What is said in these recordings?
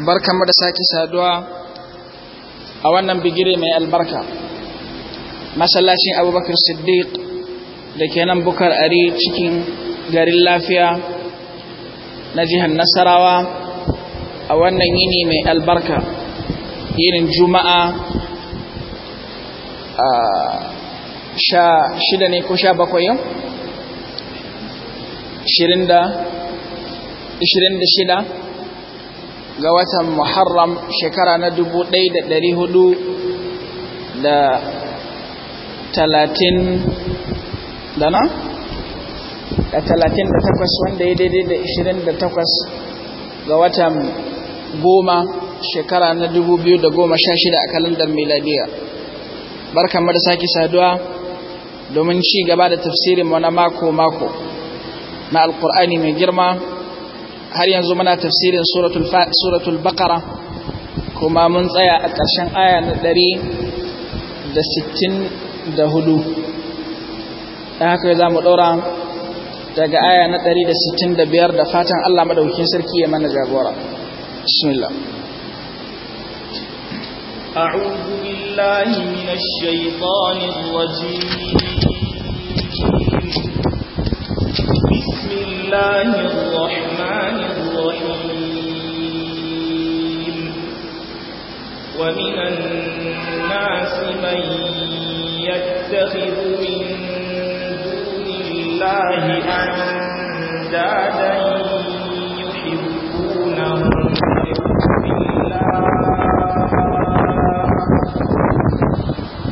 barkan mu da sake saduwa a wannan bigire mai albarka masallacin abubakar siddiq da ke nan bukar ari cikin garin lafiya na jihar nasarawa a wannan yini mai albarka yinin juma'a a sha shida ne ko sha bakwai yau shirin da shida ga watan muharram shekara na dubu ɗaya da ɗari hudu da talatin da na? da talatin da takwas wanda ya daidai da ishirin da takwas ga watan goma shekara na dubu biyu da goma sha shida a kalandar miladiya barkan da sake saduwa domin ci gaba da tafsirin wani mako-mako na alkur'ani mai girma har yanzu muna tafsirin suratul baqara kuma mun tsaya a ƙarshen aya na ɗari da sittin da hudu da haka za mu ɗora daga aya na ɗari da sittin da biyar da fatan allah maɗaukin sarki ya mana jagora bismillah أعوذ بالله من الشيطان الرجيم بسم الله الله الرحمن الرحيم ومن الناس من يتخذ من دون الله أندادا يحبونهم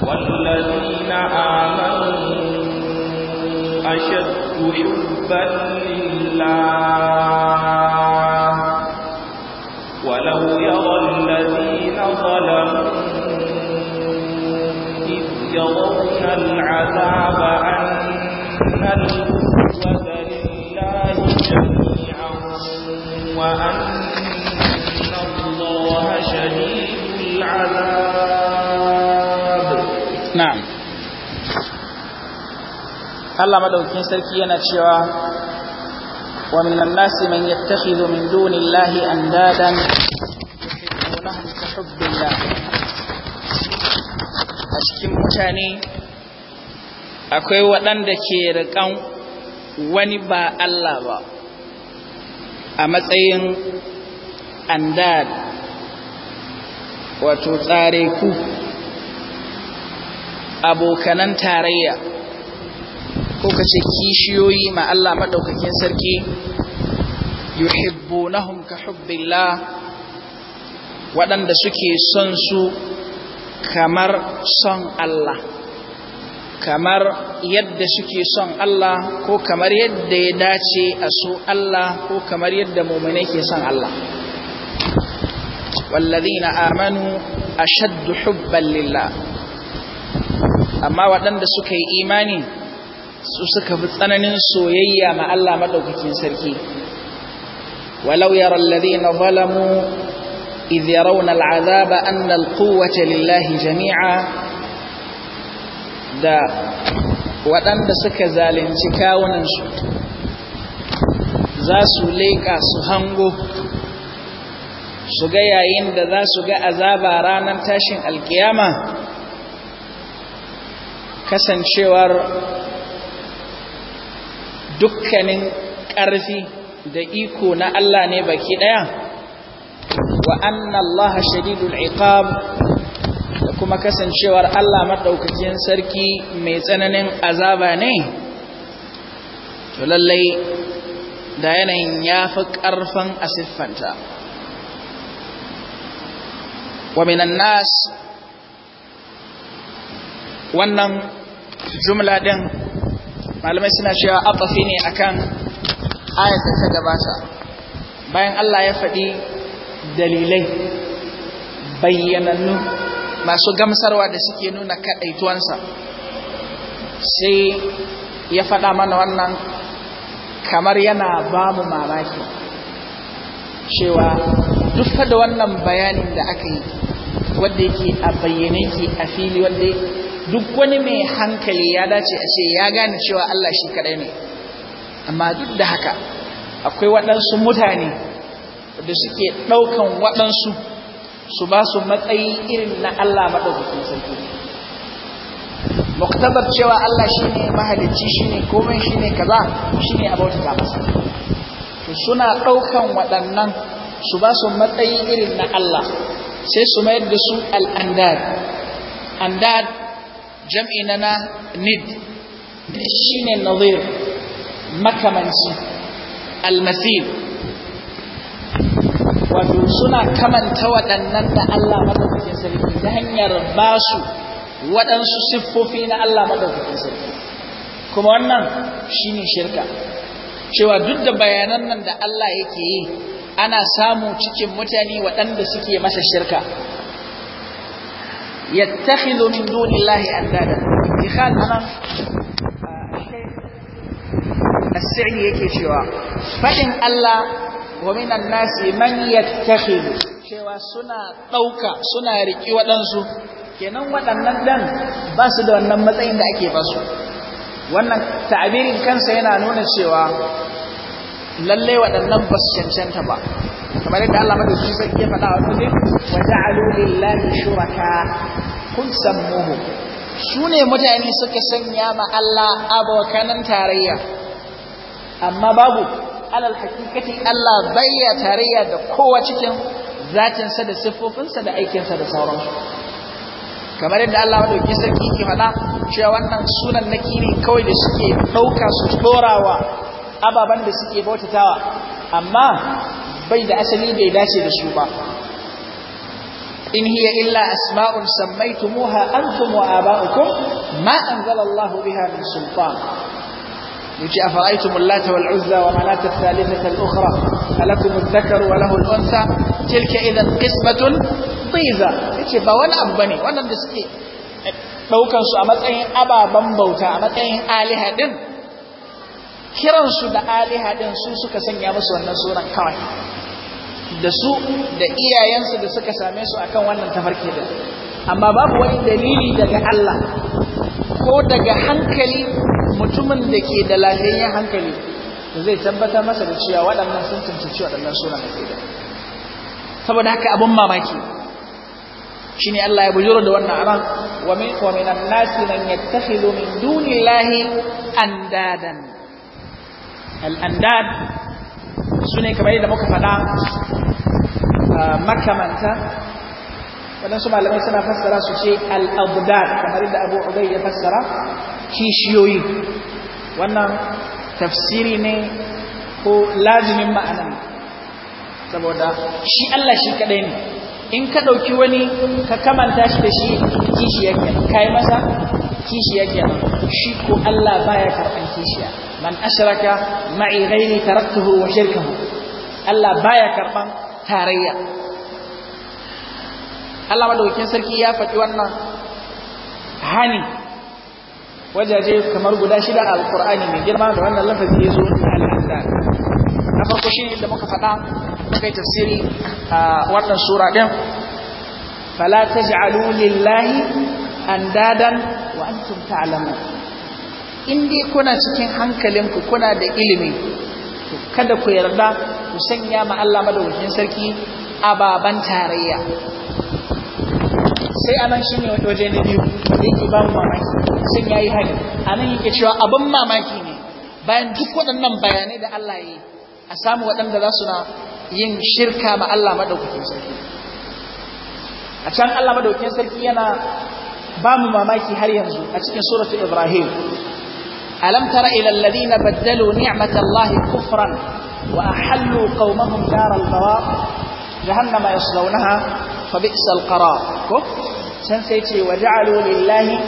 والذين آمنوا أشد حبا لله ولو يرى الذين ظلموا إذ يرون العذاب أن Allah madaukin sarki yana cewa wa minan nasi man yattakhidhu min dunillahi andadan yuhibbunahum ka hubbillah a cikin mutane akwai waɗanda ke riƙan wani ba Allah ba a matsayin andad wato tsare ku abokanan tarayya ko ka ce kishiyoyi ma Allah maɗaukakin sarki yuhibbunahum ka hubbillah waɗanda suke son su kamar son Allah kamar yadda suke son Allah ko kamar yadda ya dace a so Allah ko kamar yadda mummune ke son Allah wallazina amanu ashaddu hubban lillah amma waɗanda suka yi imani su suka fi tsananin soyayya ma Allah madaukakin sarki walau na alladhina Izi idh yarawna al'azaba anna lillahi jami'a da waɗanda suka zalunci kawunansu za su leƙa su hango su ga yayin da za su ga azaba ranar tashin alkiyama kasancewar dukkanin ƙarfi da iko na Allah ne baki ɗaya wa annallaha shadidul iqab da kuma kasancewar Allah madaukakin sarki mai tsananin azaba ne to lallai da yanayin yafi ƙarfin asiffanta wa minan nas wannan jumla din malamai suna cewa atafi ne akan ayat da ta gabata bayan Allah ya faɗi dalilai bayyanannu masu gamsarwa da suke nuna kaɗaituwansa sai ya faɗa mana wannan kamar yana ba mu mamaki cewa duk da wannan bayanin da aka yi wanda yake a bayyane ke a fili wadda duk wani mai hankali ya dace a ce ya gane cewa Allah shi kadai ne amma duk da haka akwai waɗansu mutane da suke ɗaukan waɗansu su ba su matsayi irin na Allah maɗaukakin sarki muktabar cewa Allah shi ne mahalicci shi ne komai shi ne kaza shi ne ta masa su suna ɗaukan waɗannan su ba su matsayi irin na Allah sai su mayar da su al'andad andad jam'i na na nid shi ne nazir makamanci almasir wato suna kamanta waɗannan da Allah madaukakin sarki ta hanyar ba su waɗansu siffofi na Allah madaukakin sarki kuma wannan shi ne shirka cewa duk da bayanan nan da Allah yake yi ana samu cikin mutane waɗanda suke masa shirka yattakhidhu min dunillahi andada ikhal anan as-sa'i yake cewa fadin Allah wa minan nasi man yattakhidhu cewa suna dauka suna riki wadansu kenan waɗannan dan ba su da wannan matsayin da ake ba su wannan ta'abirin kansa yana nuna cewa Lallai waɗannan ba su cancanta ba kamar yadda Allah madauki sarki ya faɗa wa ne wa ja'alu lillahi shuraka kun sammuhu su ne mutane suka sanya ma Allah abokanan tarayya amma babu alal hakikati Allah bayya tarayya da kowa cikin zatinsa da siffofinsa da aikinsa da sauransu kamar yadda Allah madauki sarki ke faɗa cewa wannan sunan na kiri kawai da suke ɗauka su ɗorawa ababan da suke bautatawa amma bai da asali bai dace da su ba in hiya illa asma'un sammaytumuha antum wa aba'ukum ma anzala Allahu biha min sultan wal Uzza wa Manat al-ukhra ath-thalithah alakum اللات والعزى wa lahu al-untha tilka idhan qismatun تلك إذا ba ضيزى يجي wannan da suke daukan su a matsayin ababan bauta a matsayin alihadin kiransu da aliha din su suka sanya musu wannan sunan kawai da su da iyayensu da suka same su akan wannan tafarki din amma babu wani dalili daga Allah ko daga hankali mutumin da ke da lafiyayyen hankali da zai tabbatar masa da cewa waɗannan sun tuntuci waɗannan sunan da saboda haka abin mamaki shine Allah ya bujuro da wannan aran wa min qawmin nasi man yattakhidhu min dunillahi andadan al'andad su ne kamar yadda muka faɗa makamanta waɗansu malamai suna fassara su ce al'abudar kamar yadda abu ubai ya fassara kishiyoyi wannan tafsiri ne ko lazimin ma'ana saboda shi Allah shi kaɗai ne in ka ɗauki wani ka kamanta shi da shi kishi ka kai masa kishi yake shi ko Allah baya karɓan kishiya man ashraka ma'i ghairi taraktuhu wa shirkahu Allah baya karban tarayya Allah madaukakin sarki ya faɗi wannan hani wajaje kamar guda shida a alqur'ani mai girma da wannan lafazi ya zo a ahzab na farko da muka faɗa muka yi tafsiri a wannan sura din fala taj'alu lillahi andadan wa antum in dai kuna cikin hankalinku kuna da ilimi kada ku yarda ku sanya ma Allah madaukakin sarki a baban tarayya sai anan shine waje na biyu da yake ba mu mamaki sun yayi hani anan yake cewa abin mamaki ne bayan duk waɗannan bayanai da Allah ya yi a samu waɗanda za su na yin shirka ma Allah madaukakin sarki a can Allah madaukakin sarki yana ba mu mamaki har yanzu a cikin suratul ibrahim ألم تر إلى الذين بدلوا نعمة الله كفرا وأحلوا قومهم دار البوار جهنم يصلونها فبئس القرار سنسيتي وجعلوا لله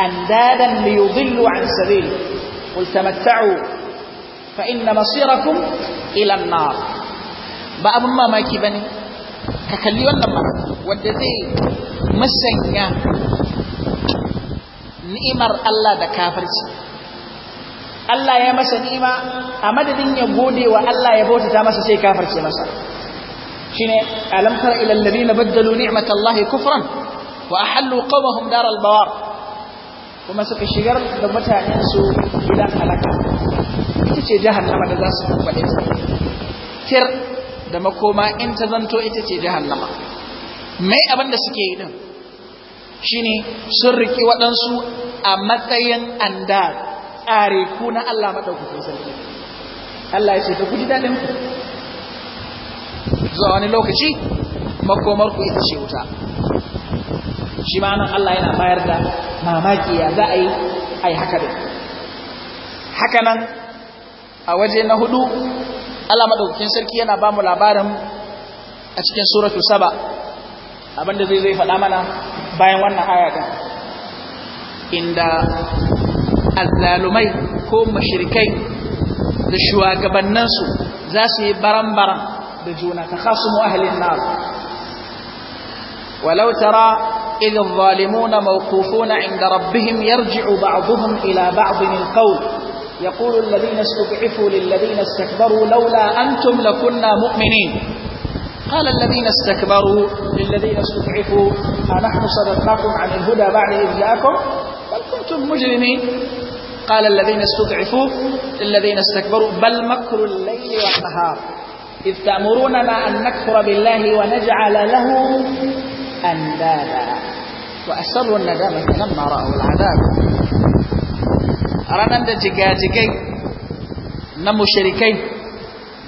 أندادا ليضلوا عن سبيله قل تمتعوا فإن مصيركم إلى النار بأب ما ماكي بني ككلي ولما ودتي مسنيا ni'imar Allah da kafirci Allah ya masa ni'ima a madadin ya gode wa Allah ya bautata masa sai kafirce masa shine alam tara ila alladhina baddalu ni'matallahi kufran wa ahallu qawmahum daral bawar kuma suka shigar da mutanen su gidan halaka ita ce jahannama da za su faɗe ta tir da makoma in ta zanto ita ce jahannama mai abin da suke yi din shine sun riki waɗansu a matsayin andar ƙare ku na Allah maɗaukakin sarki Allah ya ce ta guji daɗin ku zuwa wani lokaci makomar ku ita ce wuta shi ma nan Allah yana bayar da mamaki ya za a yi a yi haka da haka nan a waje na hudu Allah maɗaukakin sarki yana ba mu labarin a cikin suratu saba abinda zai zai faɗa mana bayan wannan ayata inda azzalumai كوم مشركين da shugabanninsu زاسي برمبرا yi baran أهل النار ولو ترى إذ الظالمون موقوفون عند ربهم يرجع بعضهم إلى بعض القول يقول الذين استضعفوا للذين استكبروا لولا أنتم لكنا مؤمنين قال الذين استكبروا للذين استضعفوا أنحن صدقناكم عن الهدى بعد إذ جاءكم بل كنتم مجرمين قال الذين استضعفوا للذين استكبروا بل مكر الليل والنهار إذ تأمروننا أن نكفر بالله ونجعل له أندادا وأسروا الندامة لما رأوا العذاب ranar da jigajigai na mushrikai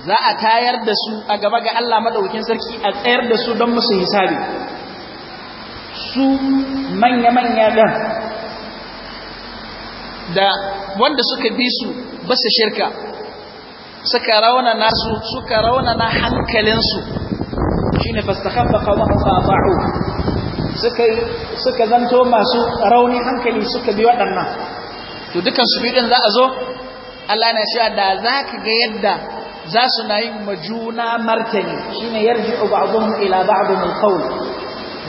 za a tayar da su a gaba ga Allah madaukakin sarki a tsayar da su don musu hisabi su manya-manya dan da wanda suka bi su su shirka suka rauna nasu suka rauna na hankalinsu shine fastakhaffa qawmuhu fa'u suka suka zanto masu rauni hankali suka bi waɗannan to dukan su bidin za a zo Allah na cewa da zaka ga yadda za su na yin majuna martani shine yarji'u ba'dhum ila ba'dhum alqawl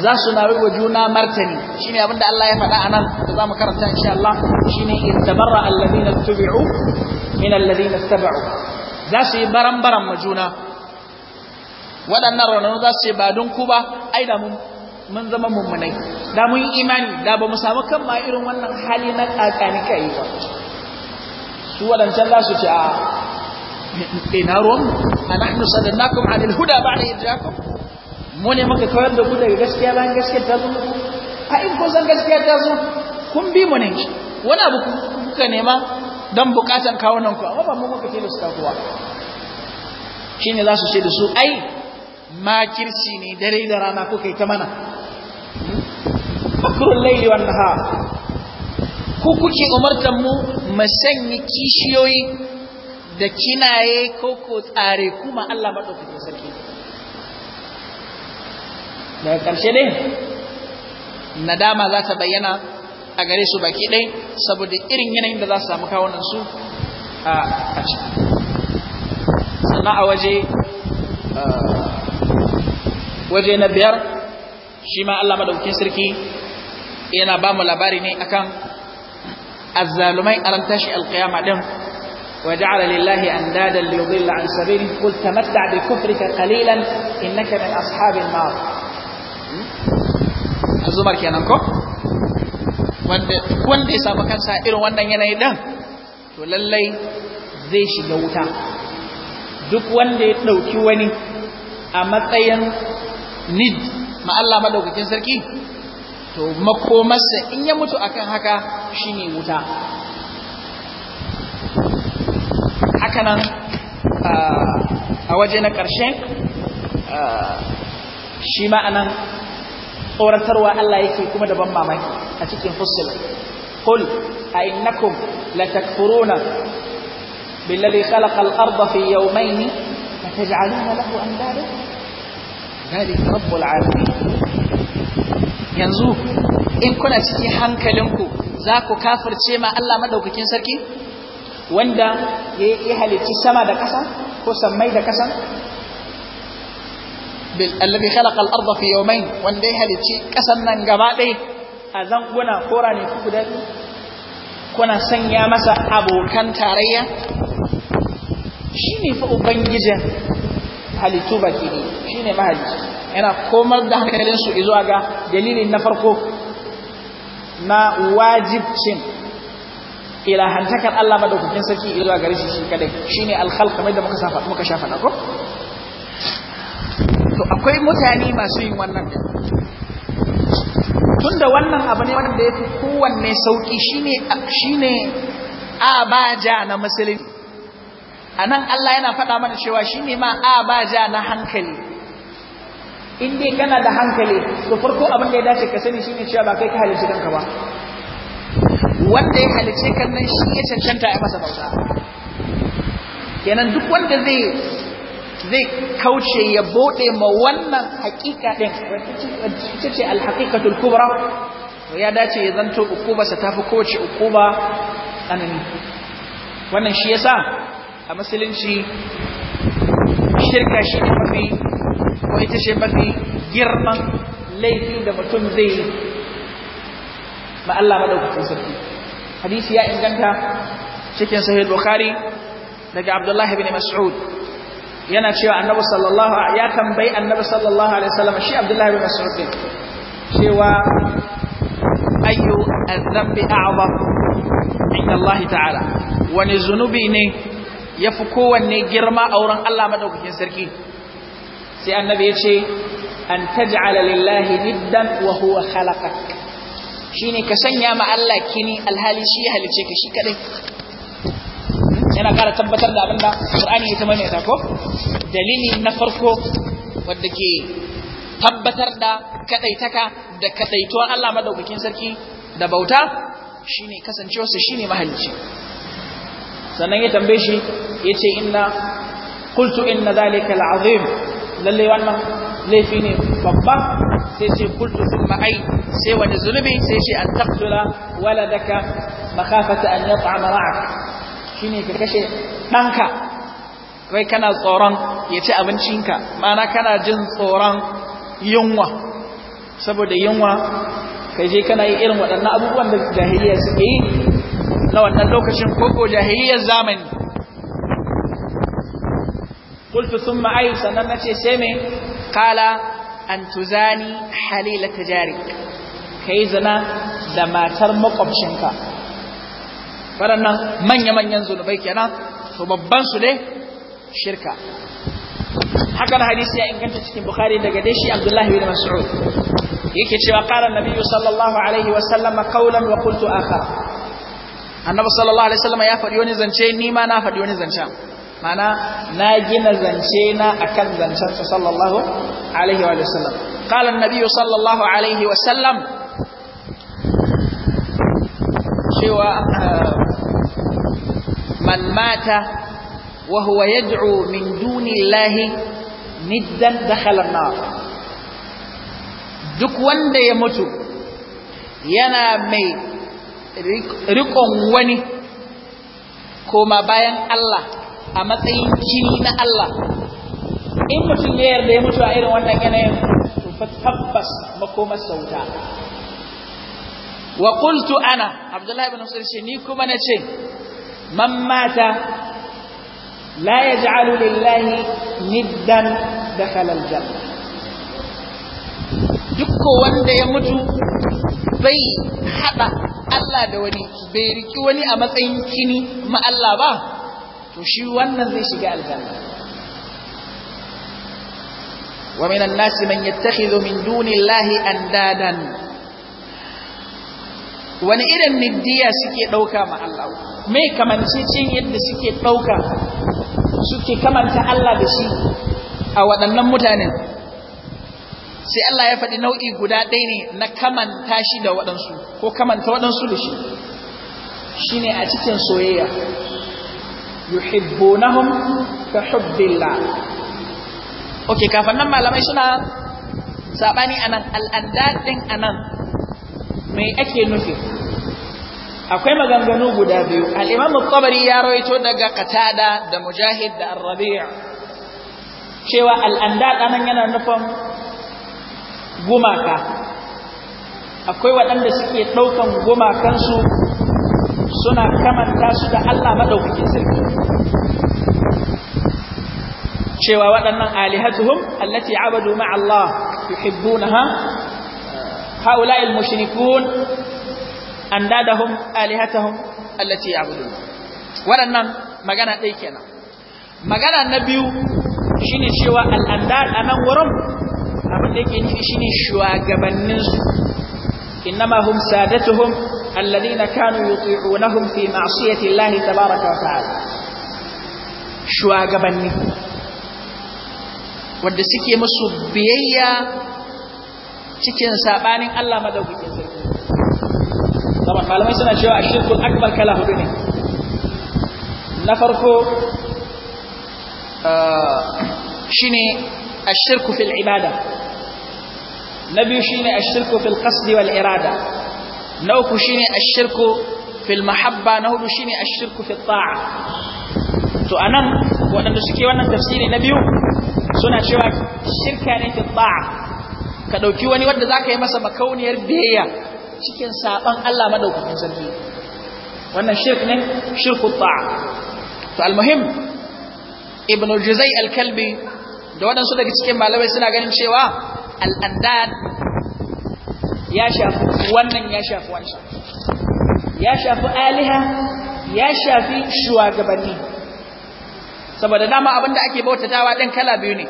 za su na wa juna martani shine abin da Allah ya faɗa anan da zamu karanta insha Allah shine in tabarra alladhina tubi'u min alladhina tabi'u za su yi baran baran ma juna waɗannan ranar za su yi ba don ku ba ai da mun mun zama mummunai da mun yi imani da ba mu samu kan ma irin wannan hali na kakani kai ba su waɗancan za su ce a ina ruwan ana nusadallakum anil huda ba'da idrakum mu ne muka kawar da ku daga gaskiya bayan gaskiyar ta zo a in ko san gaskiya ta zo kun bi mu ne wani abu kuka nema don bukatan nan ku amma ba mu muka ce da su takuwa shine za su ce da su ai makirci ne dare da rana kuka yi ta mana bakurun laili wan ha? ku kuke umartan mu mu sanya kishiyoyi da kinaye ko ko tsare kuma Allah madaukakin sarki daga ƙarshe dai nadama za ta bayyana a gare su baki ɗai saboda irin yanayin da za su samu kawunan su a ciki sannan a waje waje na biyar shi ma Allah madaukakin sarki yana ba mu labari ne akan azzalumai aran tashi alkiyama din وجعل لله أندادا ليضل عن سبيله قل تمتع بكفرك قليلا إنك من أصحاب النار zumar kenan ko wanda wanda ya samu kansa irin wannan yanayi dan to lallai zai shiga wuta duk wanda ya ɗauki wani a matsayin nid ma Allah sarki to makomarsa in ya mutu akan haka shine wuta hakanan a waje na ƙarshe shi ma'anan tsoratarwa Allah yake kuma da ban mamaki a cikin fussila qul a innakum latakfuruna billadhi khalaqa al-ardha fi yawmayn fataj'aluna lahu andada ذلك رب العالمين yanzu in kuna cikin hankalinku za ku kafirce ma Allah madaukakin sarki wanda ya halitti sama da ƙasa ko sammai da ƙasa alladhi khalaqa al-ardha fi yawmayn wanda ya halici kasan nan gaba ɗaya a zanguna kora ne ku guda kuna sanya masa abokan tarayya shine fa ubangijin halittu baki ne shine mahalici yana komar da hankalin su zuwa ga dalilin na farko na wajibcin ilahantakar Allah madaukakin sarki zuwa gare shi shi kadai shine al-khalq kamar da muka safa muka shafa na ko to akwai mutane masu yin wannan tun da wannan abu ne wanda ya fi kowanne sauƙi shine ne abaja na musulun a nan Allah yana faɗa mana cewa shine ma abaja na hankali in dai kana da hankali to farko abin da ya dace ka sani shi ne cewa ba kai ka halice kanka ba wanda ya halice kan nan shi ya cancanta ya masa bauta kenan duk wanda zai zai kauce ya bude ma wannan hakika din wacce ce alhaqiqatul kubra to ya dace ya zanto ukuba sa tafi kowace ukuba tsanani wannan shi yasa a musulunci shirka shi ne mafi ko ita ce mafi girman laifi da mutum zai yi ba Allah madaukakin sarki hadisi ya inganta cikin sahih bukhari daga abdullahi ibn mas'ud yana cewa annabi sallallahu ya tambayi annabi sallallahu alaihi wasallam shi abdullahi bin mas'ud din cewa ayyu adh a'zam inda Allah ta'ala wani zunubi ne yafi kowanne girma a wurin Allah madaukakin sarki sai annabi ya ce an taj'ala lillahi niddan wa huwa khalaqak shine ka sanya ma Allah kini alhali shi halice ka shi kadai yana ƙara tabbatar da abin da Qur'ani ya tamaita ta ko dalili na farko wanda ke tabbatar da kadaitaka da kadaituwar Allah madaukakin sarki da bauta shine kasancewarsa shine mahalicci sannan ya tambaye shi yace inna qultu inna zalika al'azim lalle wannan laifi ne babba sai sai kultu sun sai wani zunubi sai sai an taktula waladaka makafata an yata'ama ra'aka shine ka kashe ɗanka kai kana tsoron ya ci abincinka mana kana jin tsoron yunwa saboda yunwa ka je kana yi irin waɗannan abubuwan da jahiliya suke yi na wannan lokacin koko jahiliyar zamani sai ثم أي سنة سمي قال أن تزاني حليلة جارك كي da matar makwabcinka waɗannan manya-manyan zunubai kenan su babban su ne shirka hakan hadisi ya inganta cikin bukari daga dai shi abdullahi bin mas'ud yake cewa qala an-nabiy sallallahu alaihi wa sallam qawlan wa qultu akhar annabi sallallahu alaihi wa sallam ya faɗi wani zance ni ma na faɗi wani zance. mana na gina zance na akan zancen sa sallallahu alaihi wa sallam qala an-nabiy sallallahu alaihi wa sallam cewa ah, man mata wa huwa yad'u min dunillahi niddan dakhala an-nar duk wanda ya mutu yana mai rikon wani koma bayan Allah a matsayin jini na Allah in mutum ya yarda ya mutu a irin wannan yanayin to fa tabbas makomar sauta wa qultu ana abdullahi ibn usayd shi ni kuma nace من مات لا يجعل لله ندا دخل الجنة دكو وند يمتو بي حدا الله دوني بيركي وني أما تنكيني ما الله با تشي وانا زي شقاء الجنة ومن الناس من يتخذ من دون الله أندادا wani irin niddiya suke ɗauka ma Allah mai kamancicin yadda suke ɗauka suke kamanta Allah da shi a waɗannan mutanen sai Allah ya faɗi nau'i guda ɗaya ne na kamanta shi da waɗansu ko kamanta waɗansu da shi shi ne a cikin soyayya yuhibbunahum ka hubbillah okay kafin nan malamai suna saɓani anan al'adad a nan. Mai ake nufi akwai maganganu guda biyu al-imamu ya rawaito daga katada da mujahid da Arrabiya. cewa al'anda andad yana nufin gumaka akwai waɗanda suke ɗaukan gumakansu suna kamanta su da Allah madaukakin sarki cewa waɗannan alihatuhum allati abadu ma'allah Allah yuhibbunaha هؤلاء المشركون أندادهم آلهتهم التي يعبدون ولنم مغانا تيكينا مغانا النبي شيني شوى الأنداد أنا ورم أمن لكي شيني شوى قبننز إنما هم سادتهم الذين كانوا يطيعونهم في معصية الله تبارك وتعالى شوى قبننز ودسكي مصبيئة cikin sabanin Allah madaukakin sarki kamar malamai suna cewa ashirkul akbar kala hudu ne na farko ah, shi ne shine ashirku fil ibada na biyu shi ne shine ashirku fil qasdi wal irada na uku shi ne shine ashirku fil mahabba na hudu shi ne shine ashirku fil ta'a to a nan, waɗanda suke wannan tafsiri na biyu suna cewa shirka ne fil ta'a ka ɗauki wani wanda za ka yi masa makauniyar biyayya cikin saɓan Allah madaukakin sarki wannan shirk ne shirku ta'a to almuhim ibn juzai alKalbi da waɗansu daga cikin malamai suna ganin cewa al'andad ya shafi wannan ya shafi wancan ya shafi aliha ya shafi shugabanni saboda dama da ake bautatawa ɗin kala biyu ne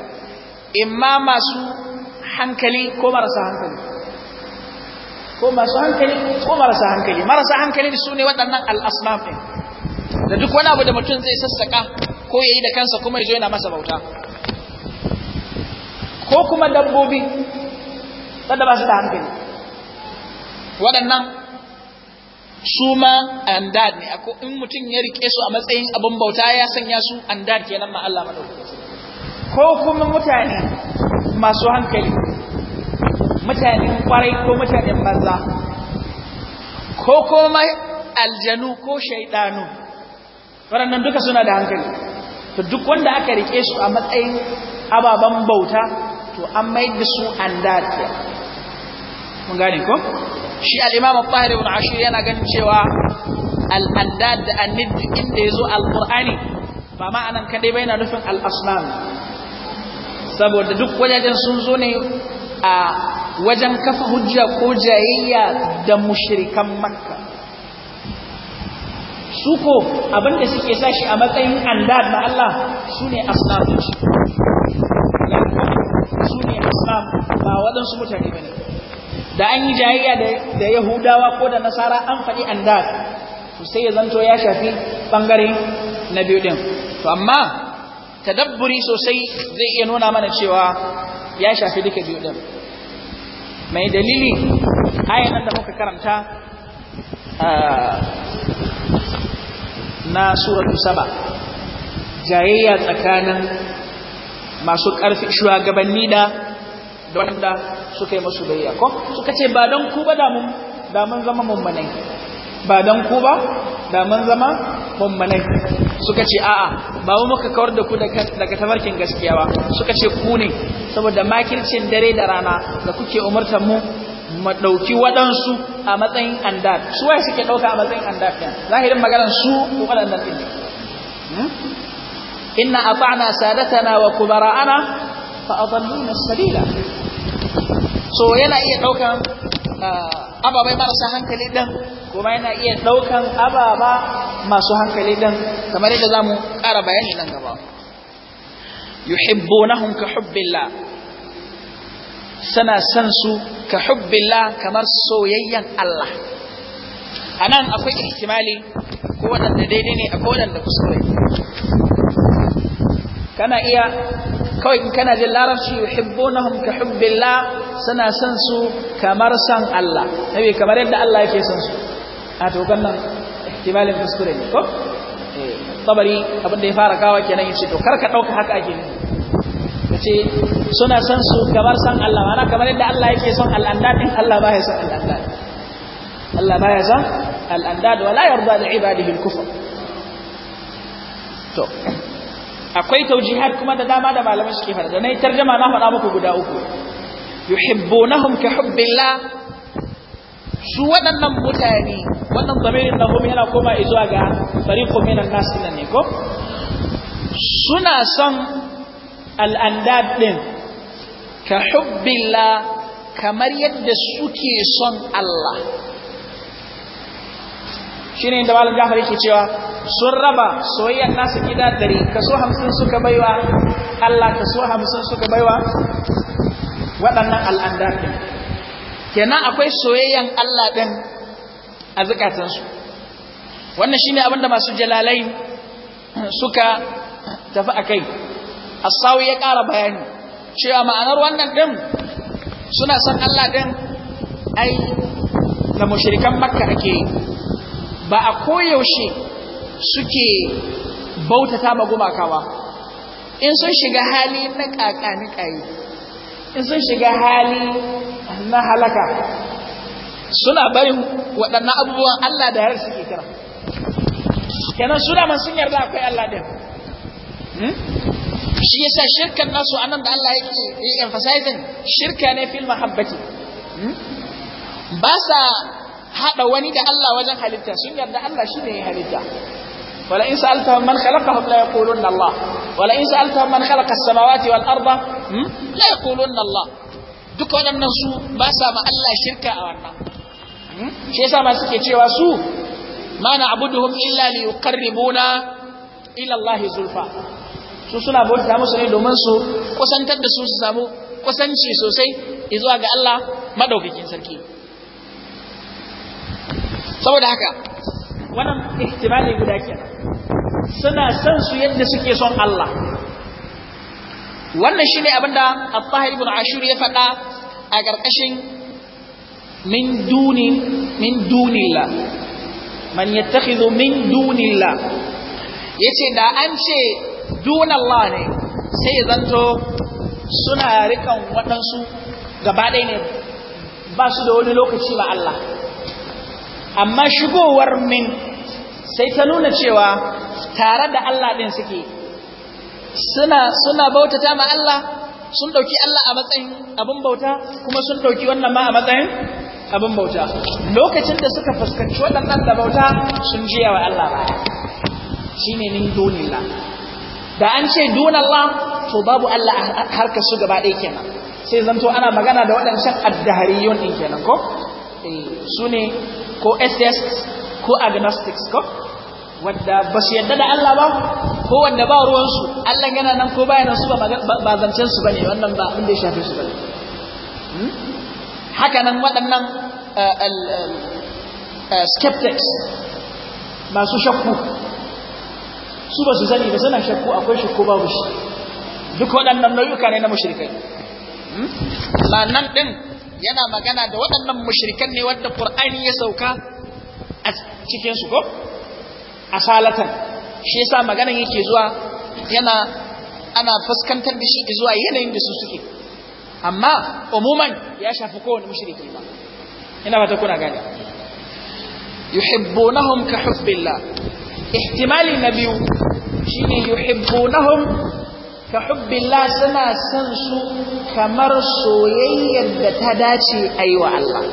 imma masu hankali ko marasa hankali ko masu hankali ko marasa hankali marasa hankali su ne waɗannan al'asnafin da duk wani abu da mutum zai sassaka ko ya yi da kansa kuma ya zo yana masa bauta ko kuma dabbobi wadda ba su da hankali waɗannan su ma andad ne in mutum ya rike su a matsayin abin bauta ya sanya su andad kenan ma Allah madaukakin ko kuma mutane masu hankali mutanen kwarai ko mutanen banza ko kuma aljanu ko shaidanu waɗannan duka suna da hankali to duk wanda aka rike su a matsayin ababen bauta to an maida da su an mun gane ko shi al-imam al-tahir ibn ashir yana ganin cewa al-andad da an-nidd inda yazo al-qur'ani ba ma'anan kadai ba yana nufin al-asnam saboda duk wajajen sun zo ne a wajen kafa hujja ko jayayya da mushrikan makka su ko abinda suke sashi a matsayin andad na Allah su ne asnamun su ne asnam ba waɗansu mutane ba ne da an yi jayayya da yahudawa ko da nasara an faɗi andad sai ya zanto ya shafi ɓangare na biyu ɗin to amma tadabburi sosai zai iya nuna mana cewa ya shafi duka biyu din mai dalili ayan da muka karanta ah, na sura saba jayayya tsakanin masu ƙarfi shugabanni da wanda suka yi masu bayya ko suka ce ba don ku ba da mun zama mummanai ba don ku ba da mun zama mummanai suka ce a'a ba mu muka kawar da ku daga tabarkin gaskiya ba suka ce ku ne saboda makircin dare da rana da kuke umartar mu mu ɗauki waɗansu a matsayin andad su wai suke ɗauka a matsayin andad ɗin zahirin maganar su ko waɗannan ɗin hmm? inna ata'na sadatana wa kubara'ana fa adalluna as-sabila so yana iya ɗaukan ah, ababai marasa hankali ɗin kuma yana iya ɗaukan ababa masu hankali ɗin kamar yadda zamu mu ƙara bayani nan gaba yuhibbunahum ka hubbillah sana san su ka hubbillah kamar soyayyan Allah anan akwai ihtimali ko wadanda daidai ne akwai wadanda kuskure kana iya kawai in kana jin larabci yuhibbunahum ka hubbillah suna san su kamar san Allah nabi kamar yadda Allah yake san su a to wannan ihtimalin kuskure ne ko eh tabari abin da ya fara kawo kenan yace to karka dauka haka ake ne yace suna san su kamar san Allah ana kamar yadda Allah yake son al'andadin Allah ba ya son al'andad Allah ba ya son al'andad wala yarda li ibadihi al-kufr to akwai taujihat kuma da dama da malaman suke fara da nayi tarjuma na faɗa muku guda uku yuhibbunahum ka hubbillah su waɗannan mutane wannan zamirin na hum yana koma zuwa ga fariqu minan nas nan ne ko suna son al'andad din ka hubbillah kamar yadda suke son Allah shine da malam jafari yake cewa sun raba soyayyar nasu gida dari kaso hamsin suka baiwa Allah kaso hamsin suka baiwa waɗannan al'andar kenan akwai soyayyan Allah ɗin a zukatansu wannan shi ne abinda masu jalalai suka tafi a kai asawi ya ƙara bayani cewa ma'anar wannan ɗin suna son Allah ɗin ai da mashirikan makka ake yi ba a koyaushe suke bautata ma gumakawa, in sun shiga hali na ƙaƙa ni kakanikayi in sun shiga hali na halaka suna barin waɗannan abubuwan Allah da har suke kira kenan suna man sun yarda akwai Allah ɗin hmm? shi yasa shirkan nasu anan da Allah yake yi emphasizing shirka ne fil mahabbati hmm? ba sa haɗa wani da Allah wajen halitta sun yarda Allah shi ne ya halitta ولئن سألتهم من خلقهم ليقولن الله ولئن سألتهم من خلق السماوات والأرض ليقولن الله duk waɗannan su ba sa ma Allah shirka a wannan shi yasa ma suke cewa su ma na abuduhum illa li yuqarribuna ila Allah zulfa su suna bauta musu ne domin su kusantar da su su samu kusanci sosai zuwa ga Allah madaukakin sarki saboda haka wannan ihtimali guda kenan suna son su yadda suke son Allah wannan shine da Al-Tahir ibn Ashur ya faɗa a ƙarƙashin min duni min dunillah man yattakhidhu min dunillah yace da an ce dunallah ne sai zanto suna rikan waɗansu gaba ɗaya ne ba su da wani lokaci ba Allah amma shigowar min sai ta nuna cewa tare da Allah ɗin suke suna suna bautata ma Allah sun ɗauki Allah a matsayin abin bauta kuma sun ɗauki wannan ma a matsayin abin bauta lokacin da suka fuskanci waɗannan da bauta sun jiya wa Allah ba shi ne nin dunilla da an ce dunallah to babu Allah harkar su gaba ɗaya kenan sai zanto ana magana da waɗancan addahariyon ɗin kenan ko eh, su ne ko atheists ko agnostics ko wanda ba su yadda da Allah ba ko wanda ba ruwansu Allah yana nan ko bayanan su ba zancen su bane wannan ba inda ya shafi su bane hmm? haka nan waɗannan eh, eh, eh, skeptics masu shakku su ba su sani ba suna shakku akwai shakku babu shi duk waɗannan nau'uka ne na mushrikai lannan hmm? ɗin yana magana da waɗannan mushrikan ne wadda ƙur'ani ya sauka a cikinsu ko asalatan shi yasa maganan yake zuwa yana ana fuskantar da shi zuwa yanayin da su suke amma umuman ya shafi kowane mushriki ba ina ta kuna gane yuhibbunahum ka hubbillah ihtimali na biyu shine yuhibbunahum ka hubbillah suna san su kamar soyayyar da ta dace ayi wa Allah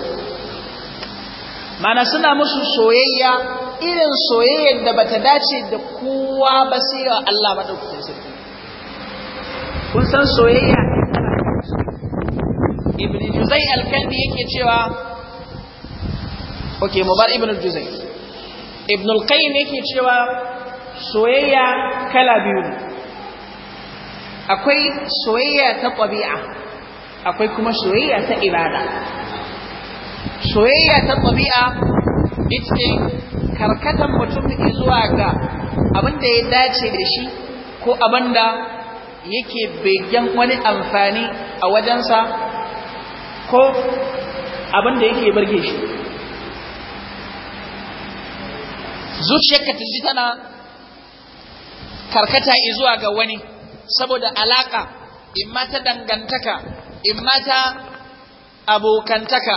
mana suna musu soyayya irin soyayyar da bata dace da kowa ba sai wa Allah madaukakin sarki kun san soyayya ibn juzai al kalbi yake cewa okay mubar ibn juzai ibn al-qayyim yake cewa soyayya kala biyu ne akwai soyayya ta ƙabi'a akwai kuma soyayya ta ibada soyayya ta ƙabi'a yace karkatan mutum zuwa ga abin da ya dace da shi ko abin da yake begen wani amfani a wajensa ko abin da yake barge shi zuciyarka ta ji tana karkata zuwa ga wani saboda alaka imma ta dangantaka imma ta abokantaka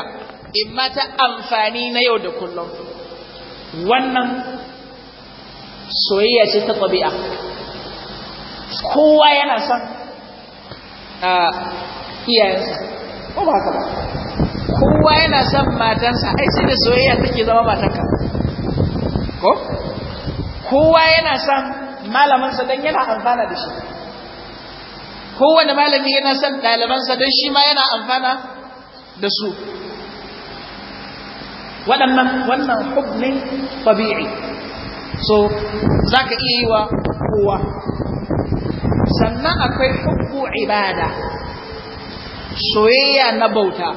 In mata amfani na yau da kullum wannan soyayya ce ta tabi'a kowa yana son iyayensa ko ba haka ba kowa yana son matansa ai sai da soyayya take zama matanka ko kowa yana son malaminsa don yana amfana da shi kowane malami yana son ɗalibansa don shi ma yana amfana da su waɗannan wannan hubnin tabi'i so za ka iya yi wa kowa sannan akwai hubbu ibada soyayya na bauta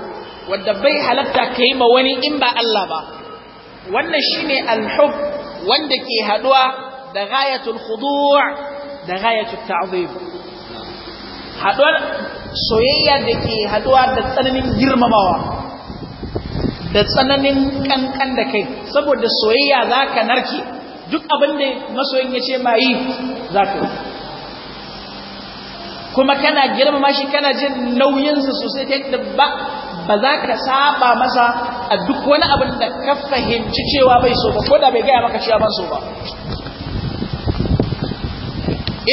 wadda bai halatta ka yi ma wani in ba Allah ba wannan shine alhub wanda ke haɗuwa da ghayatul khudu' da ghayatul ta'zim haduwar soyayya da ke haɗuwa da tsananin girmamawa da tsananin kankan da kai saboda soyayya za ka narke duk abin da masoyin ya ce ma za ka yi kuma kana girmama shi kana jin nauyinsa sosai ta yadda ba ba za ka saba masa a duk wani abin da ka fahimci cewa bai so ba ko da bai gaya maka cewa ban so ba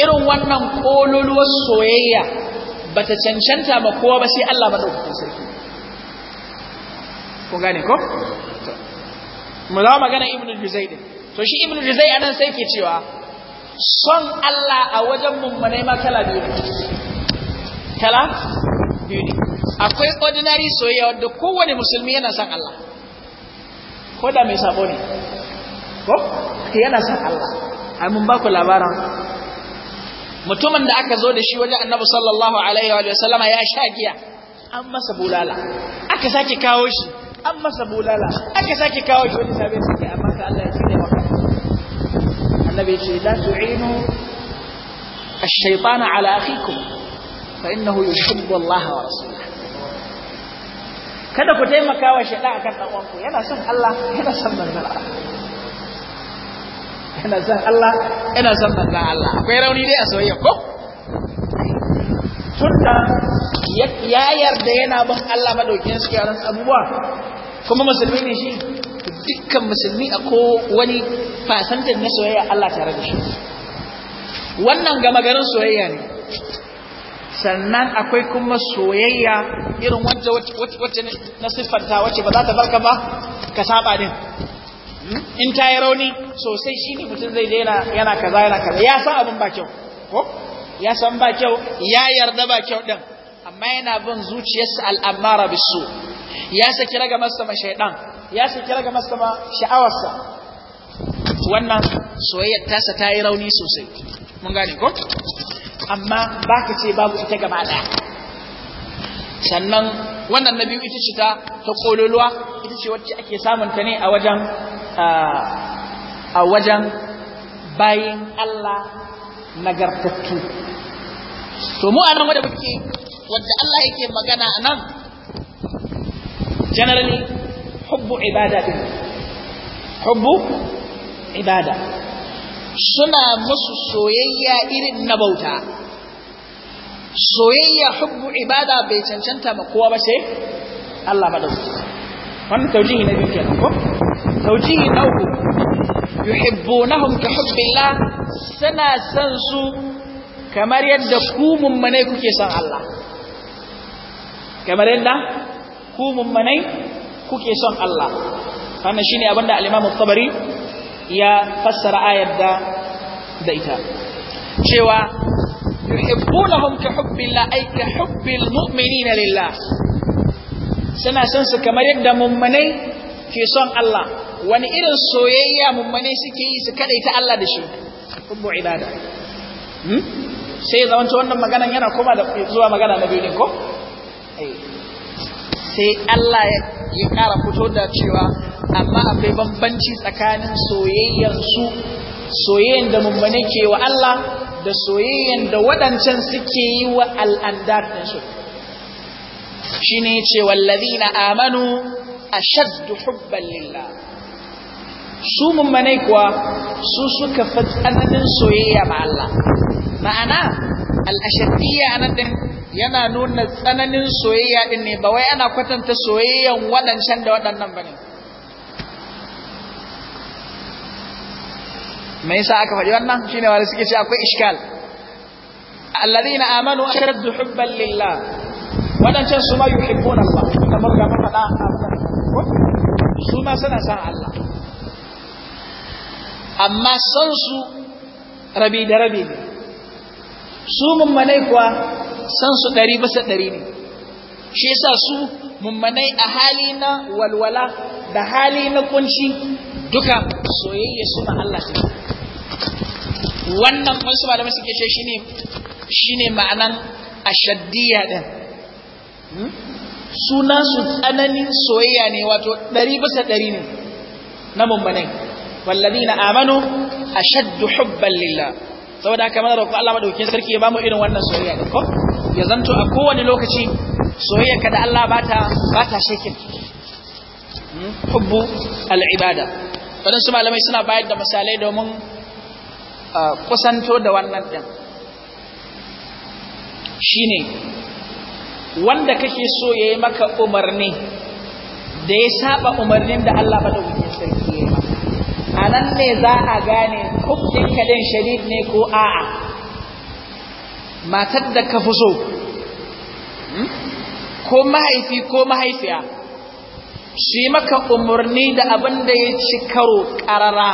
irin wannan kololuwar soyayya ba ta cancanta ba kowa ba sai Allah madaukakin sarki ko gane ko mu za magana ibn juzai din to shi ibn juzai anan sai ke cewa son Allah a wajen mummunai ma kala biyu ne, kala biyu ne akwai ordinary soyayya da kowane musulmi yana son Allah ko da mai sabo ne ko yana son Allah ai mun ba ku labarin mutumin da aka zo da shi wajen annabi sallallahu alaihi wa sallama ya sha giya an masa bulala aka sake kawo shi an masa bulala aka sake kawo shi wani sabon suke amma ka Allah ya tsine maka annabi la tu'inu ash-shaytana ala akhikum fa innahu yuhibbu Allah wa rasulahu kada ku taimaka wa shaytan akan dan yana son Allah yana son manzon yana son Allah yana son Allah akwai rauni dai a soyayya ko tunda ya yarda yana bin Allah madaukin su yaran abubuwa kuma musulmi ne shi dukkan musulmi a ko wani fasantin na soyayya Allah tare da shi wannan gama garin soyayya ne sannan akwai kuma soyayya irin wacce na siffanta wacce ba za ta barka ba ka saba din in ta yi rauni sosai shi ne mutum zai daina yana kaza yana kaza ya san abin ba kyau ko ya san ba kyau ya yarda ba kyau din amma yana bin zuciyarsa al'amara bisu ya saki raga masa ma shaidan ya saki raga masa ma sha'awarsa wannan soyayyar tasa ta yi rauni sosai mun gane ko amma ba ka ce babu ita gaba ɗaya sannan wannan na biyu ita ce ta ta kololuwa ita ce wacce ake samun ta ne a wajen a wajen bayin Allah nagartattu to mu anan wanda kuke wanda Allah yake magana anan generally hubbu ibada din hubbu ibada suna musu soyayya irin na bauta soyayya hubbu ibada bai cancanta ma kowa ba sai Allah dauki wannan taujihi na biyu kenan ko taujihi na uku yuhibbunahum ka hubbillah sana san su kamar yadda ku mummanai kuke son Allah kamar yadda ku mummanai kuke son Allah wannan shine abinda al-Imam tabari ya fassara ayar da da ita cewa yuhibbunahum ka hubbillah ay ka hubbil mu'minina lillah suna son su kamar yadda mummanai ke son Allah wani irin soyayya mummanai suke yi su kadaita Allah da shi hubbu ibada hmm? sai zaman ta wannan maganan yana koma da zuwa magana na biyu ne ko eh. sai Allah ya kara fito da cewa amma akwai bambanci tsakanin soyayyan su soyayyan da mummane ke wa Allah da soyayyan da waɗancan suke yi wa al'andar ɗinsu shi ne ce na amanu a shaddu hubban lillah su mummanai kuwa su suka fi tsananin soyayya ma Allah ma'ana al'ashadiyya a nan yana nuna tsananin soyayya din ne ba wai ana kwatanta soyayyan waɗancan da waɗannan ba ne me yasa aka faɗi wannan shine wani suke ce akwai iskal alladhina amanu ashaddu hubban lillah wadancan su ma yuhibbuna Allah kamar ga faɗa su ma suna san Allah amma son su rabi da rabi ne su mummanai kuwa son su ɗari bisa ɗari ne shi yasa su mummanai a hali na walwala da hali na kunci duka soyayya su ma Allah su wannan wasu malamai suke ce shine shine ma'anan ashaddiya din hmm? sunansu su tsananin soyayya ne wato ɗari bisa ɗari ne na mummanai walladina amanu ashaddu hubban lillah saboda haka da roƙo Allah madaukakin sarki ya bamu irin wannan soyayya da ko ya zanto a kowane lokaci soyayya da Allah bata bata shekin hubbu al-ibada su malamai suna bayar da misalai domin kusanto da wannan din shine wanda kake so yayi maka umarni da ya saba umarnin da Allah madaukakin sarki yayi anan ne za a gane hukumin kaɗin sharif ne ko a'a matar da ka fi so hmm? ko mahaifi ko mahaifiya shi maka umarni da abin da ya ci karo ƙarara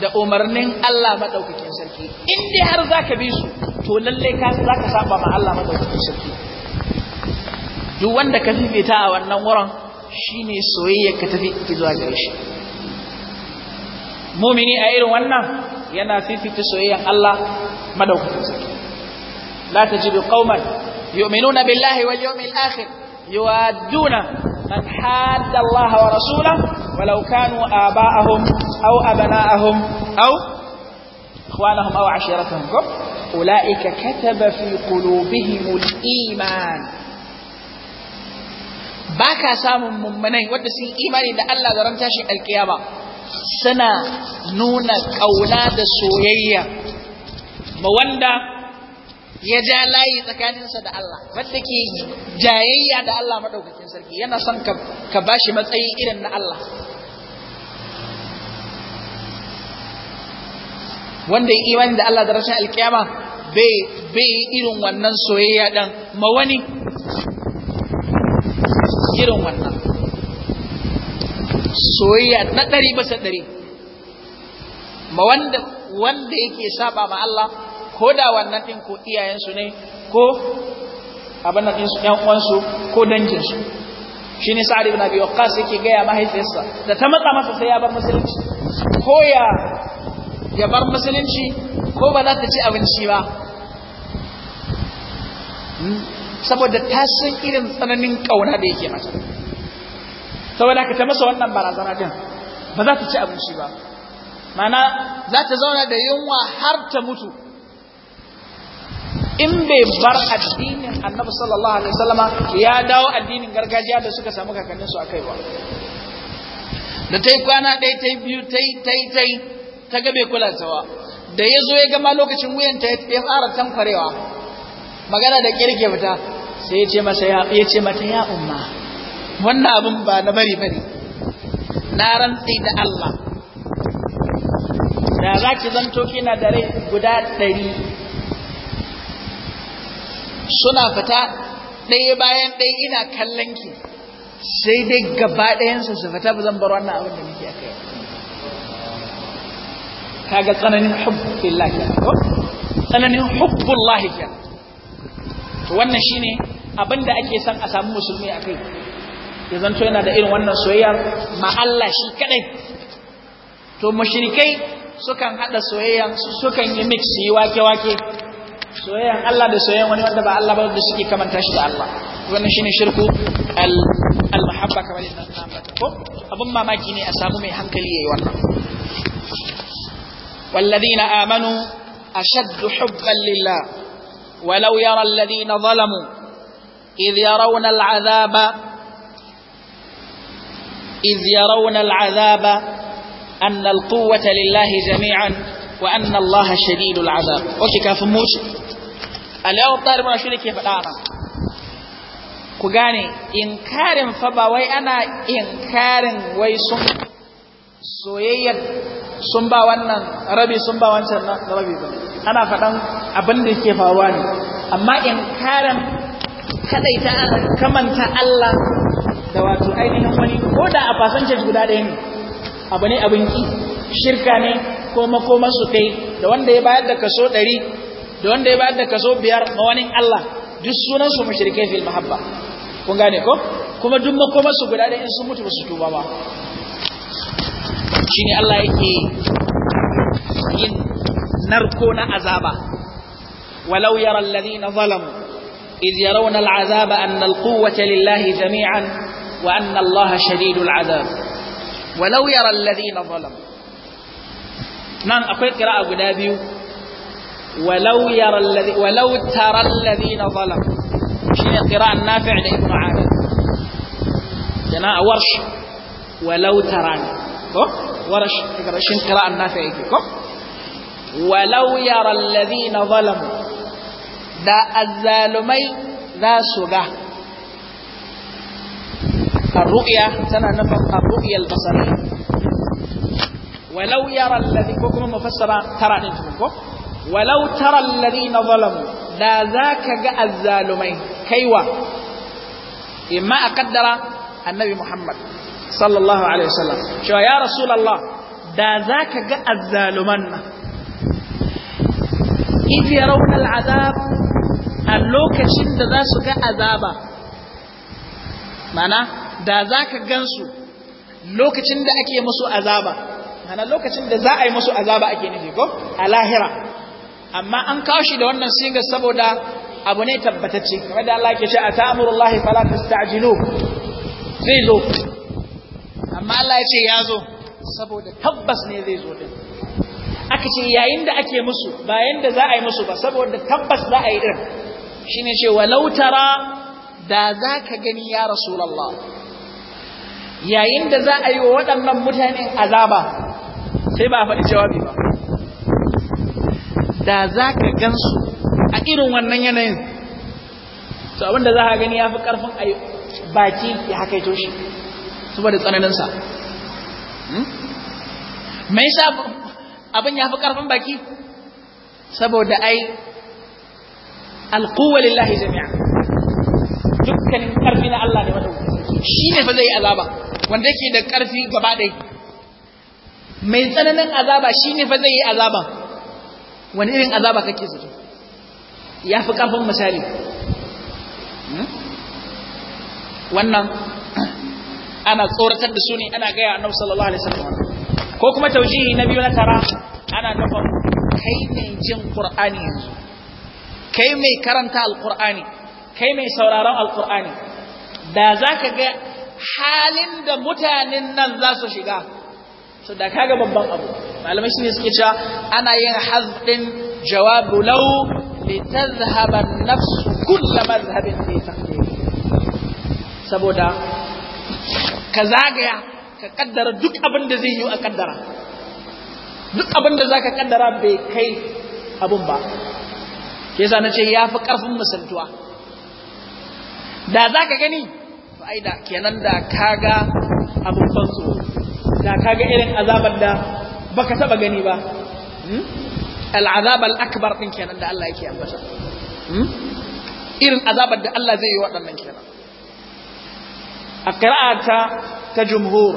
da umarnin Allah maɗaukakin sarki in har za ka bi su to lallai ka za ka saba ma Allah maɗaukakin sarki duk wanda ka fifita a wannan wurin shine soyayya ka tafi zuwa gare shi mumini a irin wannan yana fifita soyayyan Allah madaukakin sarki la tajidu qauman yu'minuna billahi wal yawmil akhir yuwadduna man hadda Allah wa rasulahu walau kanu aba'ahum aw abana'ahum aw ikhwanahum aw ashiratahum ulaika kataba fi qulubihimul iman baka samun mummunai wanda sun imani da Allah zaran tashi alkiyama suna nuna ƙauna da soyayya ma wanda ya ja layi tsakaninsa da Allah wanda ke jayayya da Allah maɗaukakin sarki yana son ka bashi matsayi irin na Allah wanda ya imani da Allah da rashin alkiyama bai yi irin wannan soyayya ɗan ma wani irin wannan soyayya na ɗari bisa ɗari ma wanda wanda yake saba ma Allah ko da wannan ɗin ko iyayensu ne ko abin nan ɗinsu ‘yan uwansu ko danginsu shi ne sa'ad ibn abi waqqas yake gaya mahaifiyarsa da ta matsa masa sai ya bar musulunci ko ya ya bar musulunci ko ba za ta ci abinci ba hmm? saboda ta san irin tsananin ƙauna da yake mata saboda ka ta masa wannan barazana din ba za ta ci abinci ba mana za ta zauna da yunwa har ta mutu in bai bar addinin annabi sallallahu alaihi wasallama ya dawo addinin gargajiya da suka samu kakannin su akai ba da ta yi kwana ɗaya ta yi biyu ta yi ta yi ta yi ta ga bai kula tawa da ya zo ya gama lokacin wuyan ta ya fara tankwarewa magana da kirge fita sai ya ce mata ya umma wannan abin ba na bari bari na rantsi da Allah da za ki zanto kina da rai guda ɗari suna fita ɗaya bayan ɗaya ina kallon ki sai dai gaba ɗayansa su fita ba zan bar wannan abin da nake Ka kaga tsananin hubbullah kenan tsananin hubbullah lahi wannan shine abin da ake son a samu musulmi akai ya zanto yana da irin wannan soyayyar ma Allah shi kadai to mushrikai sukan hada soyayya sukan yi mix yi wake wake soyayyan Allah da soyayyan wani wanda ba Allah ba da suke kamanta shi da Allah wannan shine shirku al al mahabba kamar yadda na ambata ko abun mamaki ne a samu mai hankali yayi wannan والذين آمنوا أشد حبا لله ولو يرى الذين ظلموا إذ يرون العذاب إذ يرون العذاب أن القوة لله جميعا وأن الله شديد العذاب أوكي كافي موش اليوم طالب رشولي كيف الآن ku gane inkarin fa ba wai ana inkarin wai sun soyayyar sun ba wannan rabi sun ba wancan rabi ba ana faɗan abin da yake faruwa ne amma kadai kamanta Allah da wato ainihin wani ko da a percentage guda ɗaya ne abu ne abin ki shirka ne ko makomarsu ɗai da wanda ya bayar da kaso ɗari da wanda ya bayar da kaso biyar ma Allah duk sunansu mushrikai fil mahabba kun gane ko kuma duk makomarsu guda ɗaya in sun mutu ba su tuba ba shine Allah yake yin narko na azaba walau yara alladhina zalamu إذ يرون العذاب أن القوة لله جميعا وأن الله شديد العذاب ولو يرى الذين ظلموا نعم أقول قراءة قدابي ولو يرى الذي ولو ترى الذين ظلموا شيء قراءة نافع لابن عامر جناء ورش ولو تراني ورش شنو قراءة نافع ولو يرى الذين ظلموا ذا الظالمين ذا سجاه Al-Ru'ya tana nufin Al-Ru'ya al Walau yara alladhi ko kuma mufassara tara Walau tara alladhi na zalam da za ka ga azzalumai kaiwa. Imma a kaddara Annabi Muhammad sallallahu alaihi wasallam. Cewa ya Rasulullah da za ka ga azzaluman nan. Idi yarawna al-azab lokacin da za su ga azaba mana da za ka gansu lokacin da ake musu azaba mana lokacin da za a yi musu azaba ake nufi ko a lahira amma an kawo shi da wannan singa saboda abu ne tabbatacce kamar da Allah ke ce a ta'amurullahi fala tasta'jilu zai zo amma Allah ya ce ya zo saboda tabbas ne zai zo din aka ce yayin da ake musu bayan da za a yi musu ba saboda tabbas za a yi din shine ce walau tara da za ka gani ya rasulallah yayin da za a yi wa waɗannan mutanen azaba sai ba a faɗi jawabi ba da za ka gansu a irin wannan yanayin to da za ka gani ya fi ƙarfin a baki ya hakaito shi saboda tsananinsa mai hmm? sha abin ya fi ƙarfin baki saboda ai alkuwa lillahi jami'a dukkanin karfi na Allah ne wanda shi ne fa zai yi azaba wanda yake da karfi gaba ɗaya mai tsananin azaba shi ne fa zai yi azaba wani irin azaba kake zato ya fi karfin misali hmm? wannan ana tsoratar da su ne ana gaya annabi sallallahu alaihi wasallam ko kuma taujihi na biyu na tara ana nufin kai ne jin qur'ani yanzu kai mai karanta alqur'ani kai mai sauraron alkur'ani da za ka ga halin da mutanen nan za su shiga su da kaga babban abu malamai ne suke cewa ana yin hazbin jawabu law litazhaba an-nafs kull mazhabin ya saboda ka zagaya ka kaddara duk abin da zai yi a kaddara duk abin da ka kaddara bai kai abin ba Ke ce ya fi ƙarfin musuntuwa da za ka gani ai kenan da ka ga abin da ka ga irin azabar da ba ka taba gani ba hmm? al'azab al'akbar ɗin kenan da Allah yake ambata hmm? irin azabar da Allah zai yi waɗannan kenan a ƙira'ata ta jumhur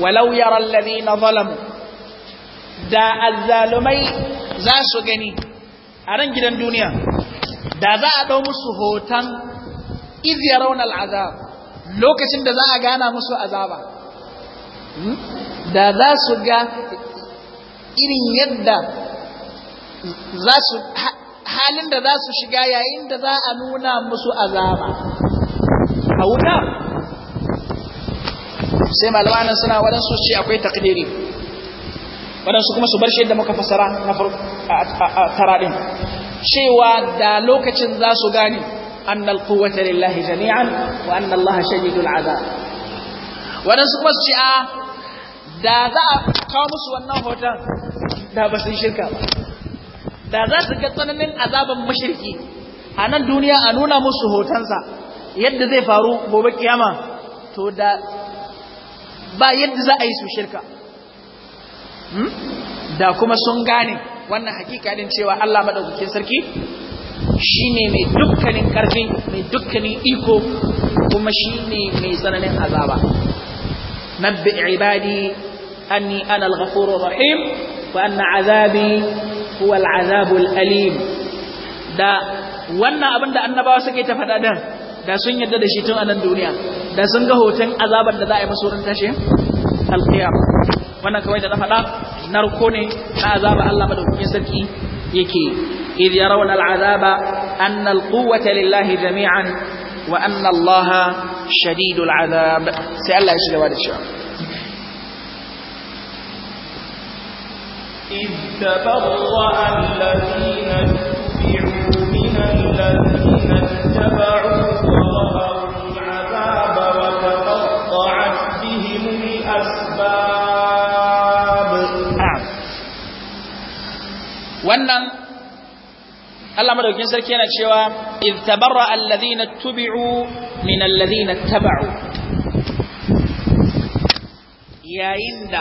walau yaran lalina zalamu da azzalumai za su gani a ran gidan duniya da za a ɗau musu hoton iz yarawna al'azab lokacin da za a gana musu azaba da za su ga irin yadda za su halin da za su shiga yayin da za a nuna musu azaba a wuta sai malamanin suna waɗansu ce akwai takdiri waɗansu kuma su bar shi yadda muka fasara na farko a taraɗin cewa da lokacin za su gane أن القوة لله جميعا وأن الله شديد العذاب waɗansu kuma su ce a da za a kawo musu wannan hoton da ba su shirka ba da za su ga tsananin azaban mashirki a nan duniya a nuna musu hotonsa yadda zai faru gobe kiyama to da ba yadda za a yi su shirka da kuma sun gane wannan hakika cewa Allah madaukakin sarki ne mai dukkanin karfi mai dukkanin iko kuma ne mai tsananin azaba nabbi ibadi anni ana al-ghafurur rahim wa anna azabi huwa al-azabul alim da wannan abin da annabawa suke ta faɗa da da sun yadda da shi tun a nan duniya da sun ga hoton azabar da za a yi masu wurin tashi alkiyar wannan kawai da na faɗa narko ne na azaba Allah madaukakin sarki yake إذ يرون العذاب أن القوة لله جميعا وأن الله شديد العذاب سأل الله إيش جواد الشعر إذ تبرأ الذين اتبعوا من الذين اتبعوا ورأوا العذاب وتقطعت بهم الأسباب نعم wannan Allah madaukakin sarki yana cewa id tabarra alladhina tubi'u min alladhina taba'u yayin da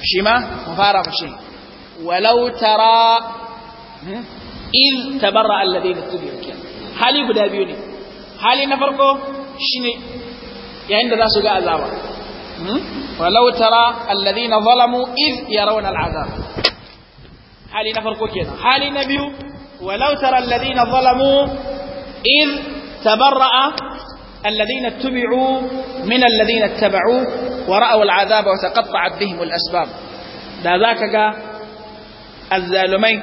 shi ma mu fara mu shi walau tara hmm, id tabarra alladhina tubi'u hali guda biyu ne hali na farko shine yayin da za su ga azaba hmm? walau tara alladhina zalamu id yarawna al'azab hali na farko kenan hali na biyu ولو ترى الذين ظلموا إذ تبرأ الذين اتبعوا من الذين اتبعوا ورأوا العذاب وتقطعت بهم الأسباب دا ذاك الظالمين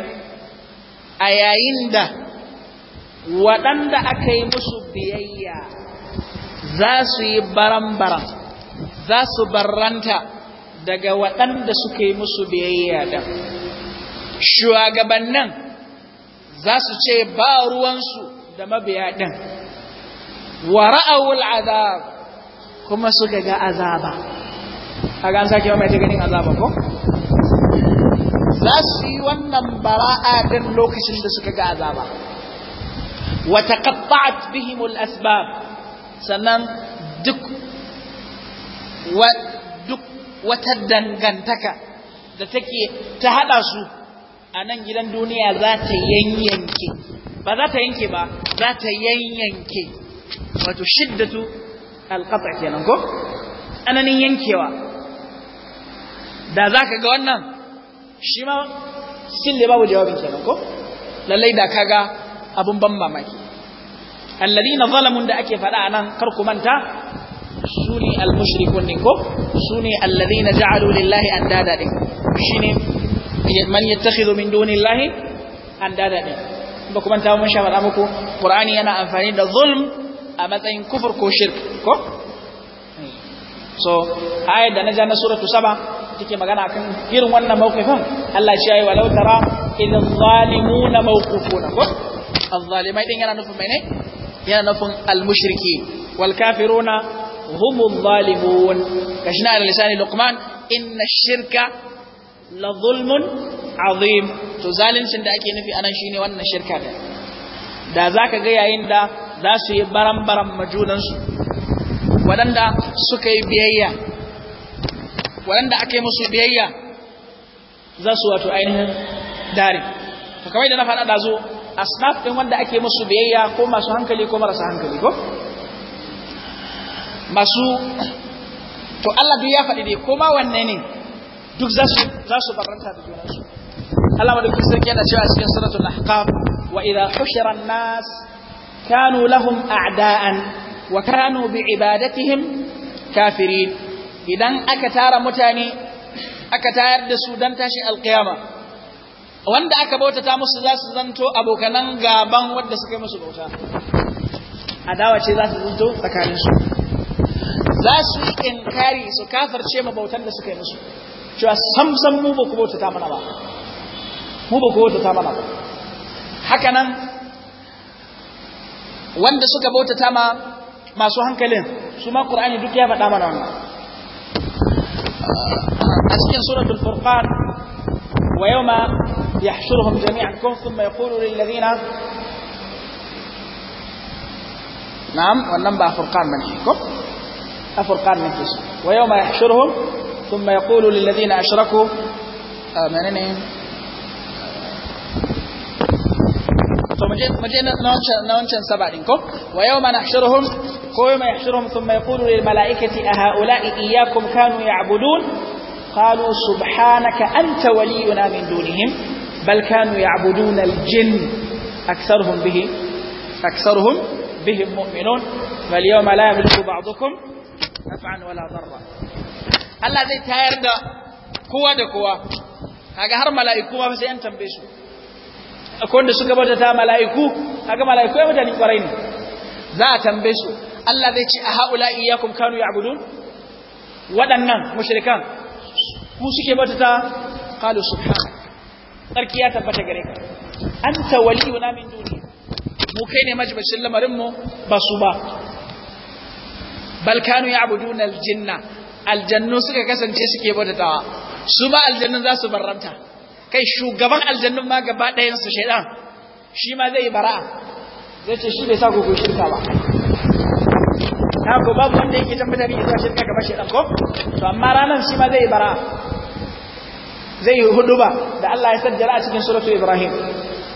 أيين دا ودن دا أكيمس بيي ذاس برم برم ذاس برنتا دا ودن دا سكيمس بيي دا شواغبنن za su ce ba ruwansu da mabiya ɗin wa ra'awul azab kuma suka ga azaba A an sake mai ta azaba ko za su yi wannan bara'a ɗin lokacin da suka ga azaba Wata taqatta'at bihimul asbab sannan duk wata dangantaka da take ta haɗa su a nan gidan duniya za ta yanyanke ba za ta yanke ba za ta yanyanke wato shiddatu alƙasa kenan ko tsananin yankewa da za ka ga wannan shi ma sille babu jawabin kenan ko lallai da ka ga abin ban mamaki alladina zalamun da ake faɗa a nan kar ku manta su ne almushrikun ne ko su ne alladina ja'alu lillahi an andada ne shine man yattakhidhu min dunillahi andada din ba kuma ta mun shawara muku qur'ani yana amfani da zulm a matsayin kufur ko shirk ko so ayat da naja na suratu saba take magana akan irin wannan mawqifin Allah shi yayi walau tara idh zalimuna mawqufuna ko azzalimai din yana nufin mene yana nufin almushriki wal kafiruna hum adh kashina ala lisani luqman inna ash-shirka la zulmun azim to zalincin da ake nufi anan shine wannan shirka da da zaka ga yayin da za su yi barambaran baran su waɗanda suka yi biyayya waɗanda aka yi musu biyayya za su wato ainihin dare to kamar da na faɗa da zo asnaf ɗin wanda ake musu biyayya ko masu hankali ko marasa hankali ko masu to Allah duk ya faɗi dai ko ma wanne ne duk za su juna su barranta da junansu Allah madaukakin sarki yana cewa cikin suratul ahqaf wa idha hushira an-nas kanu lahum a'da'an wa kanu bi ibadatihim kafirin idan aka tara mutane aka tayar da su dan tashi alqiyama wanda aka bautata musu za su zanto abokanan gaban wanda suka yi musu bauta adawa ce za su zanto su, za su inkari su kafirce mabautan da suka yi musu cewa samsam mu ba ku bautata mana ba mu ba ku bautata mana ba haka nan wanda suka bautata ma masu hankalin su ma qur'ani duk ya faɗa mana wannan a cikin suratul furqan wa yawma yahshuruhum jami'an kun thumma yaqulu lil ladina na'am wannan ba furqan bane ko a furqan ne ke su wa yawma yahshuruhum ثم يقول للذين أشركوا آه، منين إيه؟ ويوم نحشرهم ويوم يحشرهم ثم يقول للملائكة أهؤلاء إياكم كانوا يعبدون قالوا سبحانك أنت ولينا من دونهم بل كانوا يعبدون الجن أكثرهم به أكثرهم بهم مؤمنون فاليوم لا يملك بعضكم نفعا ولا ضرا Allah zai tayar da kowa da kowa kaga har mala'iku ma sai an tambaye su akwai wanda suka bauta ta mala'iku kaga mala'iku ya mutane kwarai ne za a tambaye su Allah zai ce a haula iyyakum kanu ya'budun waɗannan mushrikan ku suke bauta ta qalu subhan sarki ya tabbata gare ka anta waliyuna min duni mu kai ne majibacin lamarin mu ba su ba bal kanu ya'buduna aljinna aljannu suka kasance suke bautatawa su ba aljannun za su barranta kai shugaban aljannun ma gaba ɗayan su shaidan shi ma zai bara'a zai ce shi bai sa gugu shirka ba na ko babu wanda yake tabbatar da ita shirka gaba shaidan ko to amma ranar shi ma zai bara'a zai yi hudu ba da Allah ya sajjara a cikin suratu Ibrahim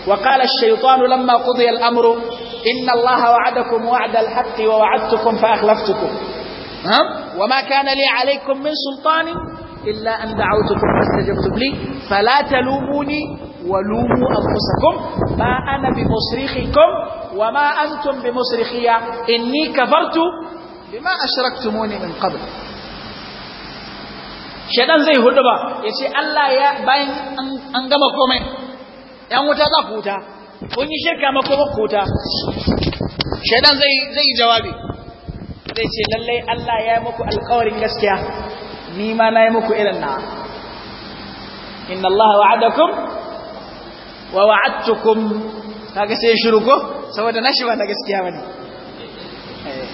wa qala ash-shaytanu lamma qudiya al-amru inna Allaha wa'adakum wa'da al-haqqi wa wa'adtukum fa akhlaftukum ha وما كان لي عليكم من سلطان إلا أن دعوتكم فاستجبتم لي فلا تلوموني ولوموا أنفسكم ما أنا بمصرخكم وما أنتم بمصرخية إني كفرت بما أشركتموني من قبل shaidan zai hudu ba ya ce Allah ya bayan an gama komai ‘yan wuta za ku wuta kun yi shirka makoma ku wuta shaidan zai yi jawabi Sai ce lallai Allah ya yi muku alkawarin gaskiya ni ma na yi muku irin na inna Allah wa'adakum wa wa'adtukum kaga sai shiru ko saboda na shi ba na gaskiya bane eh.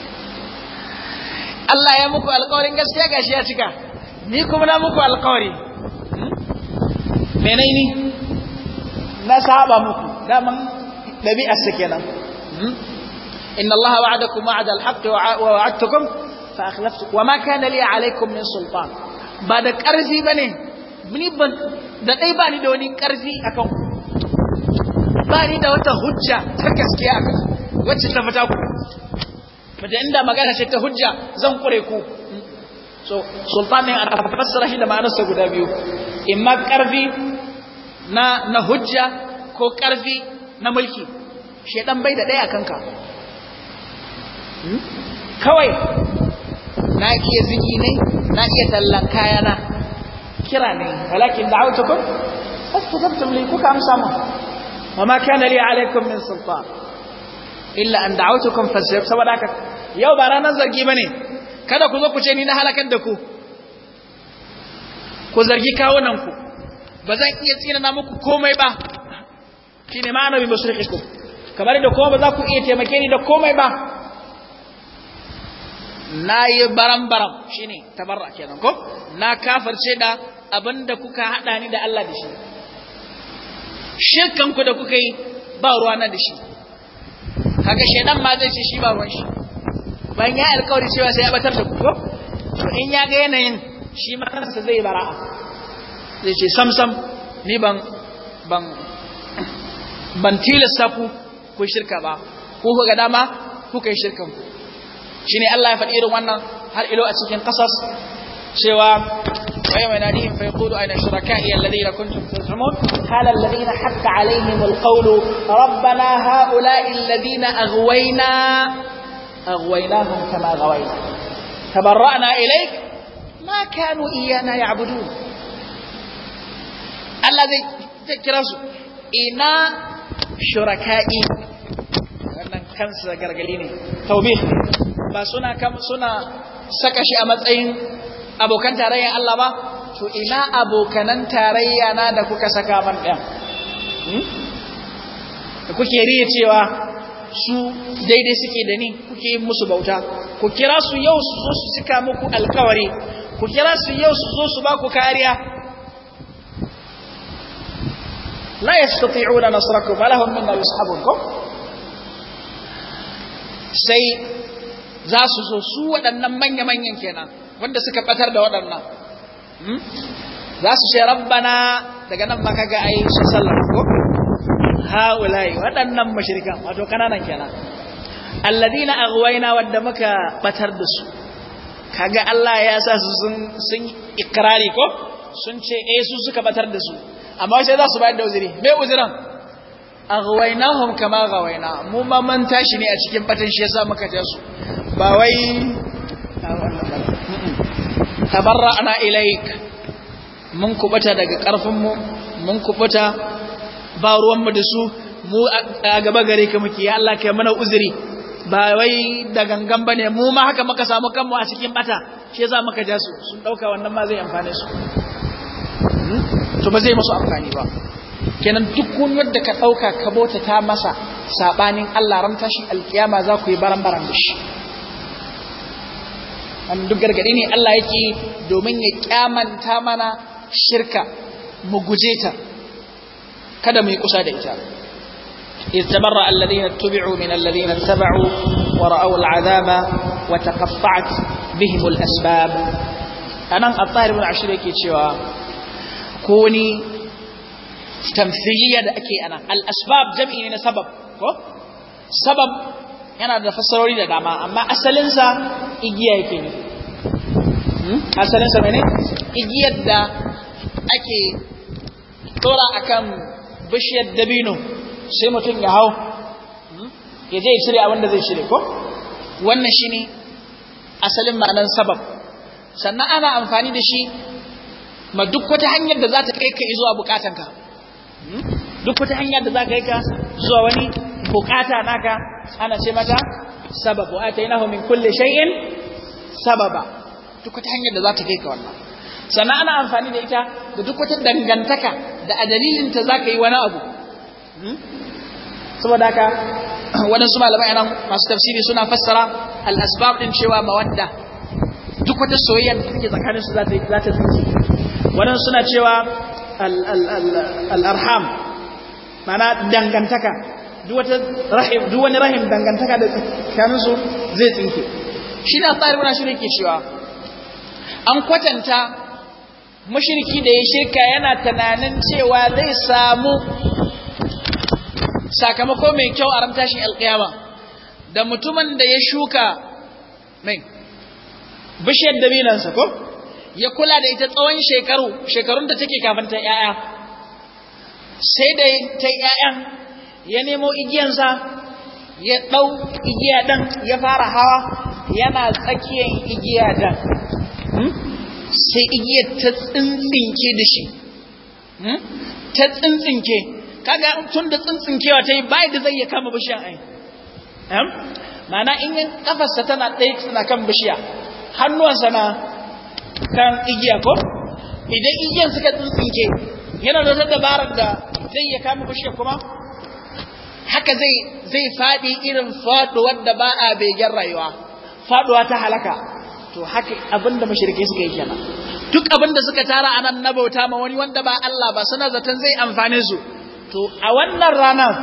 Allah ya muku alkawarin gaskiya gashi ya cika ni kuma na muku alkawari hmm? menai ni na saba muku daman ɗabi'arsa kenan hmm? إن الله وعدكم وعد الحق ووعدتكم فأخلفتكم وما كان لي عليكم من سلطان بعد كرزي بني مني بن da dai bani da wani karfi akan ku bani da wata hujja ta gaskiya akan wacce ta fita ku bada inda magana ce ta hujja zan kure ku so sultan ne a fassara shi da ma'anarsa guda biyu Ima karfi na na hujja ko ƙarfi na mulki shedan bai da ɗaya akan Hmm? kawai na iya zigi ne na iya tallan kayana kira ne walakin da'awtukum fastajabtum li kuka amsa mu ma kana li alaikum min sultan illa an da'awtukum fastajabtum saboda haka yau ba ranar zargi bane kada ku zo ku ce ni na halakar da ku ku zargi kawunan ku ba zan iya na muku komai ba shine ma'ana bi mushrikikum kamar da kuma ba za ku iya taimake ni da komai ba na yi baram-baram shi ne tabarra kenan ko na kafarce da abinda kuka haɗa ni da Allah da shi shirkanku da kuka yi ba ruwa na da shi haka shaidan ma zai ce shi ba ruwan shi ban ya alkawari cewa sai ya batar da ku ko to in ya ga yanayin shi ma kansa zai bara'a zai ce sam-sam ni ban ban ban tilasta ku ku shirka ba ku ga dama kuka yi shirkanku shine الله ya faɗi irin wannan har ilo a ويوم يناديهم فيقول أين شركائي الذين كنتم تزعمون قال الذين حق عليهم القول ربنا هؤلاء الذين أغوينا أغويناهم كما غوينا تبرأنا إليك ما كانوا إيانا يعبدون الذي تكرس إنا شركائي كنسة سجرجليني توبيخ ba suna kam suna saka shi a matsayin abokan tarayya Allah ba to ina abokanan tarayya na da kuka saka man ɗan hmm? da kuke riye cewa su daidai suke da ni kuke yi musu bauta ku kira su yau su zo su cika muku alkawari ku kira su yau su zo su ba ku kariya la yastati'una nasrakum wa min al-ashabukum sai za su zo su waɗannan manya-manyan kenan wanda suka ɓatar da waɗannan hmm? za su ce rabbana daga nan maka ga ayi su sallar ko haulai waɗannan mashirikan wato kananan kenan alladina aghwayna wadda muka ɓatar da su kaga Allah ya sa su sun ikirari ko sun ce eh su suka ɓatar da su amma sai za su bayar da uzuri me uzuran A ruwainahun kama ghawayna mu ma man tashi ne a cikin fatan shi yasa muka ja su ba wai tabarra'na ilaik mun kubuta daga karfin mun kubuta ba ruwanmu da su mu a gaba gare ka muke ya Allah kai mana uzuri ba wai da gangan ba ne mu ma haka muka samu kanmu a cikin bata shi yasa muka ja su sun ɗauka wannan ma zai amfane su hmm? to ba zai musu amfani ba kenan duk wani wanda ka ɗauka ka bauta ta masa saɓanin Allah ran tashin alkiyama za ku yi baran-baran da shi an duk gargaɗi ne Allah yake domin ya kyamanta mana shirka mu guje ta kada mu yi kusa da ita استمر الذين اتبعوا من الذين اتبعوا ورأوا العذاب وتقطعت بهم الأسباب أنا الطاهر بن عشر يكي كوني tamthiliya da ake ana al-asbab jam'i ne na sabab ko sabab yana da fassarori da dama amma asalinsa igiya yake ne hmm? asalinsa mene igiyar da ake tora akan bishiyar dabino sai mutum ya hau hmm? ya je ya cire abin da zai cire ko wannan ne asalin ma'anar sabab sannan ana amfani da shi ma duk wata hanyar da za ta kai ka zuwa bukatanka duk wata hanya da za ka yi ka zuwa wani bukata naka ana ce mata sababu a min kulli shay'in sababa duk wata hanya da za ta kai ka wannan sannan ana amfani da ita da duk wata dangantaka da adalilin ta za ka yi wani abu hmm? saboda haka su malamai nan masu tafsiri suna fassara al-asbab din cewa mawadda duk wata soyayya da take tsakanin su za ta za ta waɗansu suna cewa al'arham mana dangantaka duk wani rahim dangantaka da tsakaninsu zai tsinke shi na tsari wani shirin ke cewa an kwatanta mashirki da ya shirka yana tunanin cewa zai samu sakamako mai kyau a tashin alkiyama da mutumin da ya shuka mai bishiyar dabinansa ko ya kula da ita tsawon shekaru shekarun da take kafin ta ƴaƴa sai da ta 'ya'ya ya nemo igiyansa ya ɗau igiya ɗan ya fara hawa yana tsakiyar igiya ɗan hmm? sai igiya ta tsintsinke da shi hmm? ta tsintsinke kaga tun da tsintsinkewa ta yi bai da zai ya kama bishiyar ai hmm? ma'ana in kafarsa tana ɗaya tana kan bishiya hannuwansa na kan igiya ko idan igiyan suka tsinke yana da wata dabarar da zai ya kama bishiya kuma haka zai zai faɗi irin faɗuwar da ba a begen rayuwa faɗuwa ta halaka to haka abinda mashirkai suka yi kenan duk abinda suka tara a nan na bauta ma wani wanda ba Allah ba suna zaton zai amfane su to a wannan ranar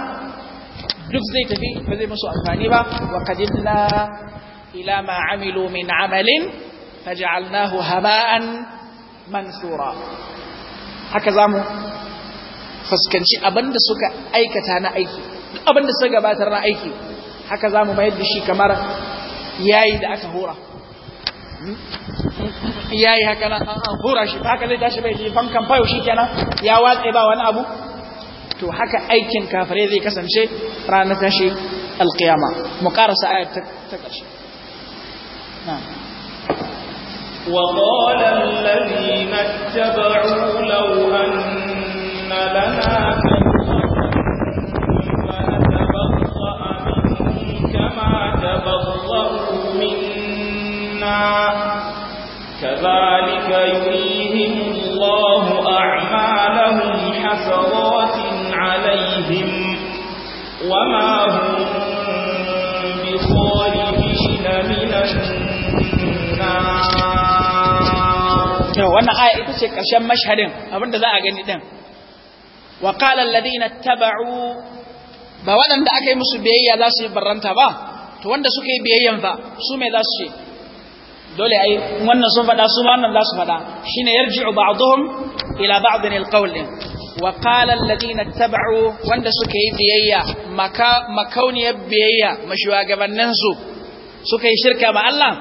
duk zai tafi ba zai musu amfani ba wa kadilla ila ma amilu min amalin فجعلناه هباء mansura haka za mu fuskanci abinda suka aikata na aiki abinda suka gabatar na aiki haka za mu mayar da shi kamar yayi da aka hura yayi haka na an hura shi haka zai tashi bai jifan kamfayo shi kenan ya watse ba wani abu to haka aikin kafare zai kasance ranar tashi alkiyama mu karasa ayat ta ƙarshe na'am وقال الذين اتبعوا لو أن لنا تبرأوا منا كذلك يريهم الله أعمالهم حسرات عليهم وما هم wannan aya ita ce ƙarshen mashhadin abinda za a gani din wa qala alladhina taba'u ba waɗanda aka yi musu biyayya za su yi barranta ba to wanda suka yi biyayyan fa su mai za su ce dole ai wannan sun faɗa su ma wannan za su faɗa shine yarji'u ba'dhum ila ba ba'dhin alqawl wa qala alladhina taba'u wanda suka yi biyayya maka makauniyar biyayya mashuwagabannin su suka yi shirka ma Allah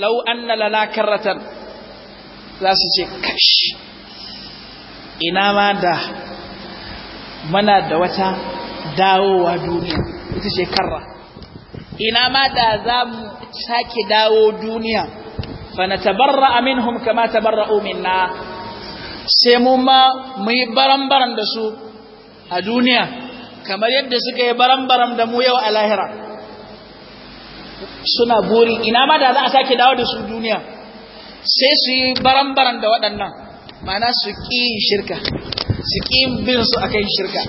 law anna lana karratan za su ce kashi ina ma da mana da wata dawowa duniya ita ce karra ina ma da za mu sake dawo duniya fana tabarra aminhum kama tabarra na. sai mu ma mu yi baran-baran da su a duniya kamar yadda suka yi baran-baran da mu yau a lahira suna buri ina ma da za a sake dawo da su duniya sai su yi baran-baran da waɗannan mana su ƙi shirka su ƙi bin su akan shirka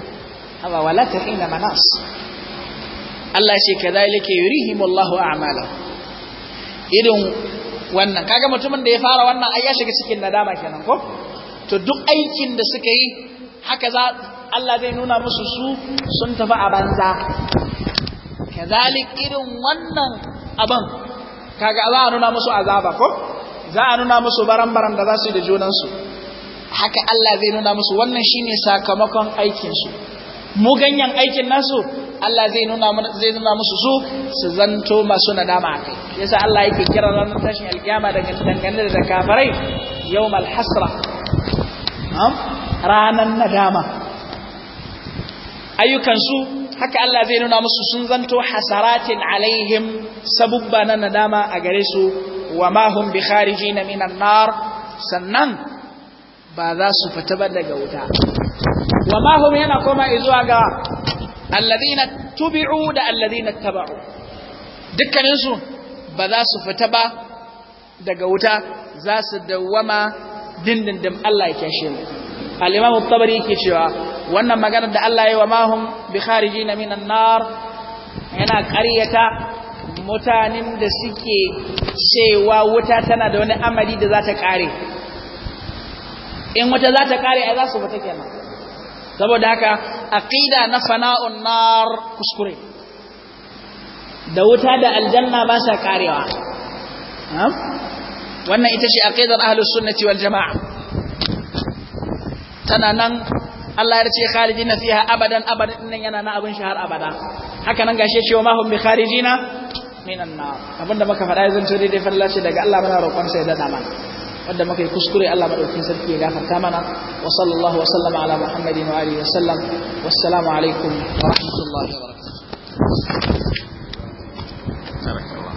amma wala ta ina manas Allah shi ka zalika yurihim a a'mala irin wannan kaga mutumin da ya fara wannan ai ya shiga cikin nadama kenan ko to duk aikin da suka yi haka za Allah zai nuna musu su sun tafi a banza kazalik irin wannan abin kaga za a nuna musu azaba ko za a nuna musu baran-baran da za su yi da junansu haka Allah zai nuna musu wannan shine sakamakon aikinsu mu ganyen aikin nasu Allah zai nuna zai nuna musu su su zanto masu nadama a kai yasa Allah yake kira ranar tashin alkiyama daga dangane da kafirai yawmal hasra ranan nadama ayyukansu haka Allah zai nuna musu sun zanto hasaratin alaihim sabubba na nadama a gare su wa ma hum bi kharijina minan nar sannan ba za su fita ba daga wuta wa hum yana koma zuwa ga alladhina tubi'u da alladhina taba'u dukkanin su ba za su fita ba daga wuta za su dawwama dindindin Allah ya shi mu al-imam at-tabari yake cewa wannan maganar da Allah ya yi wa ma hum bi kharijina minan nar yana ƙaryata mutanen da suke cewa wuta tana da wani amali da za ta kare in wuta za ta kare a za su fita kenan saboda haka aqida na fana'un nar kuskure da wuta da aljanna ba sa karewa wannan ita ce aqidar ahlus sunnati wal jamaa tana nan Allah ya ce khalidina fiha abadan abadan nan yana na abin shahar abada haka nan gashe cewa ma bi kharijina minan nar abinda muka faɗa ya zanto daidai falla ce daga Allah muna roƙon sai dada mana wanda muka yi kuskure Allah madaukakin sarki ya gafarta mana wa sallallahu wa sallama ala muhammadin wa alihi wa sallam wassalamu alaikum wa rahmatullahi wa barakatuh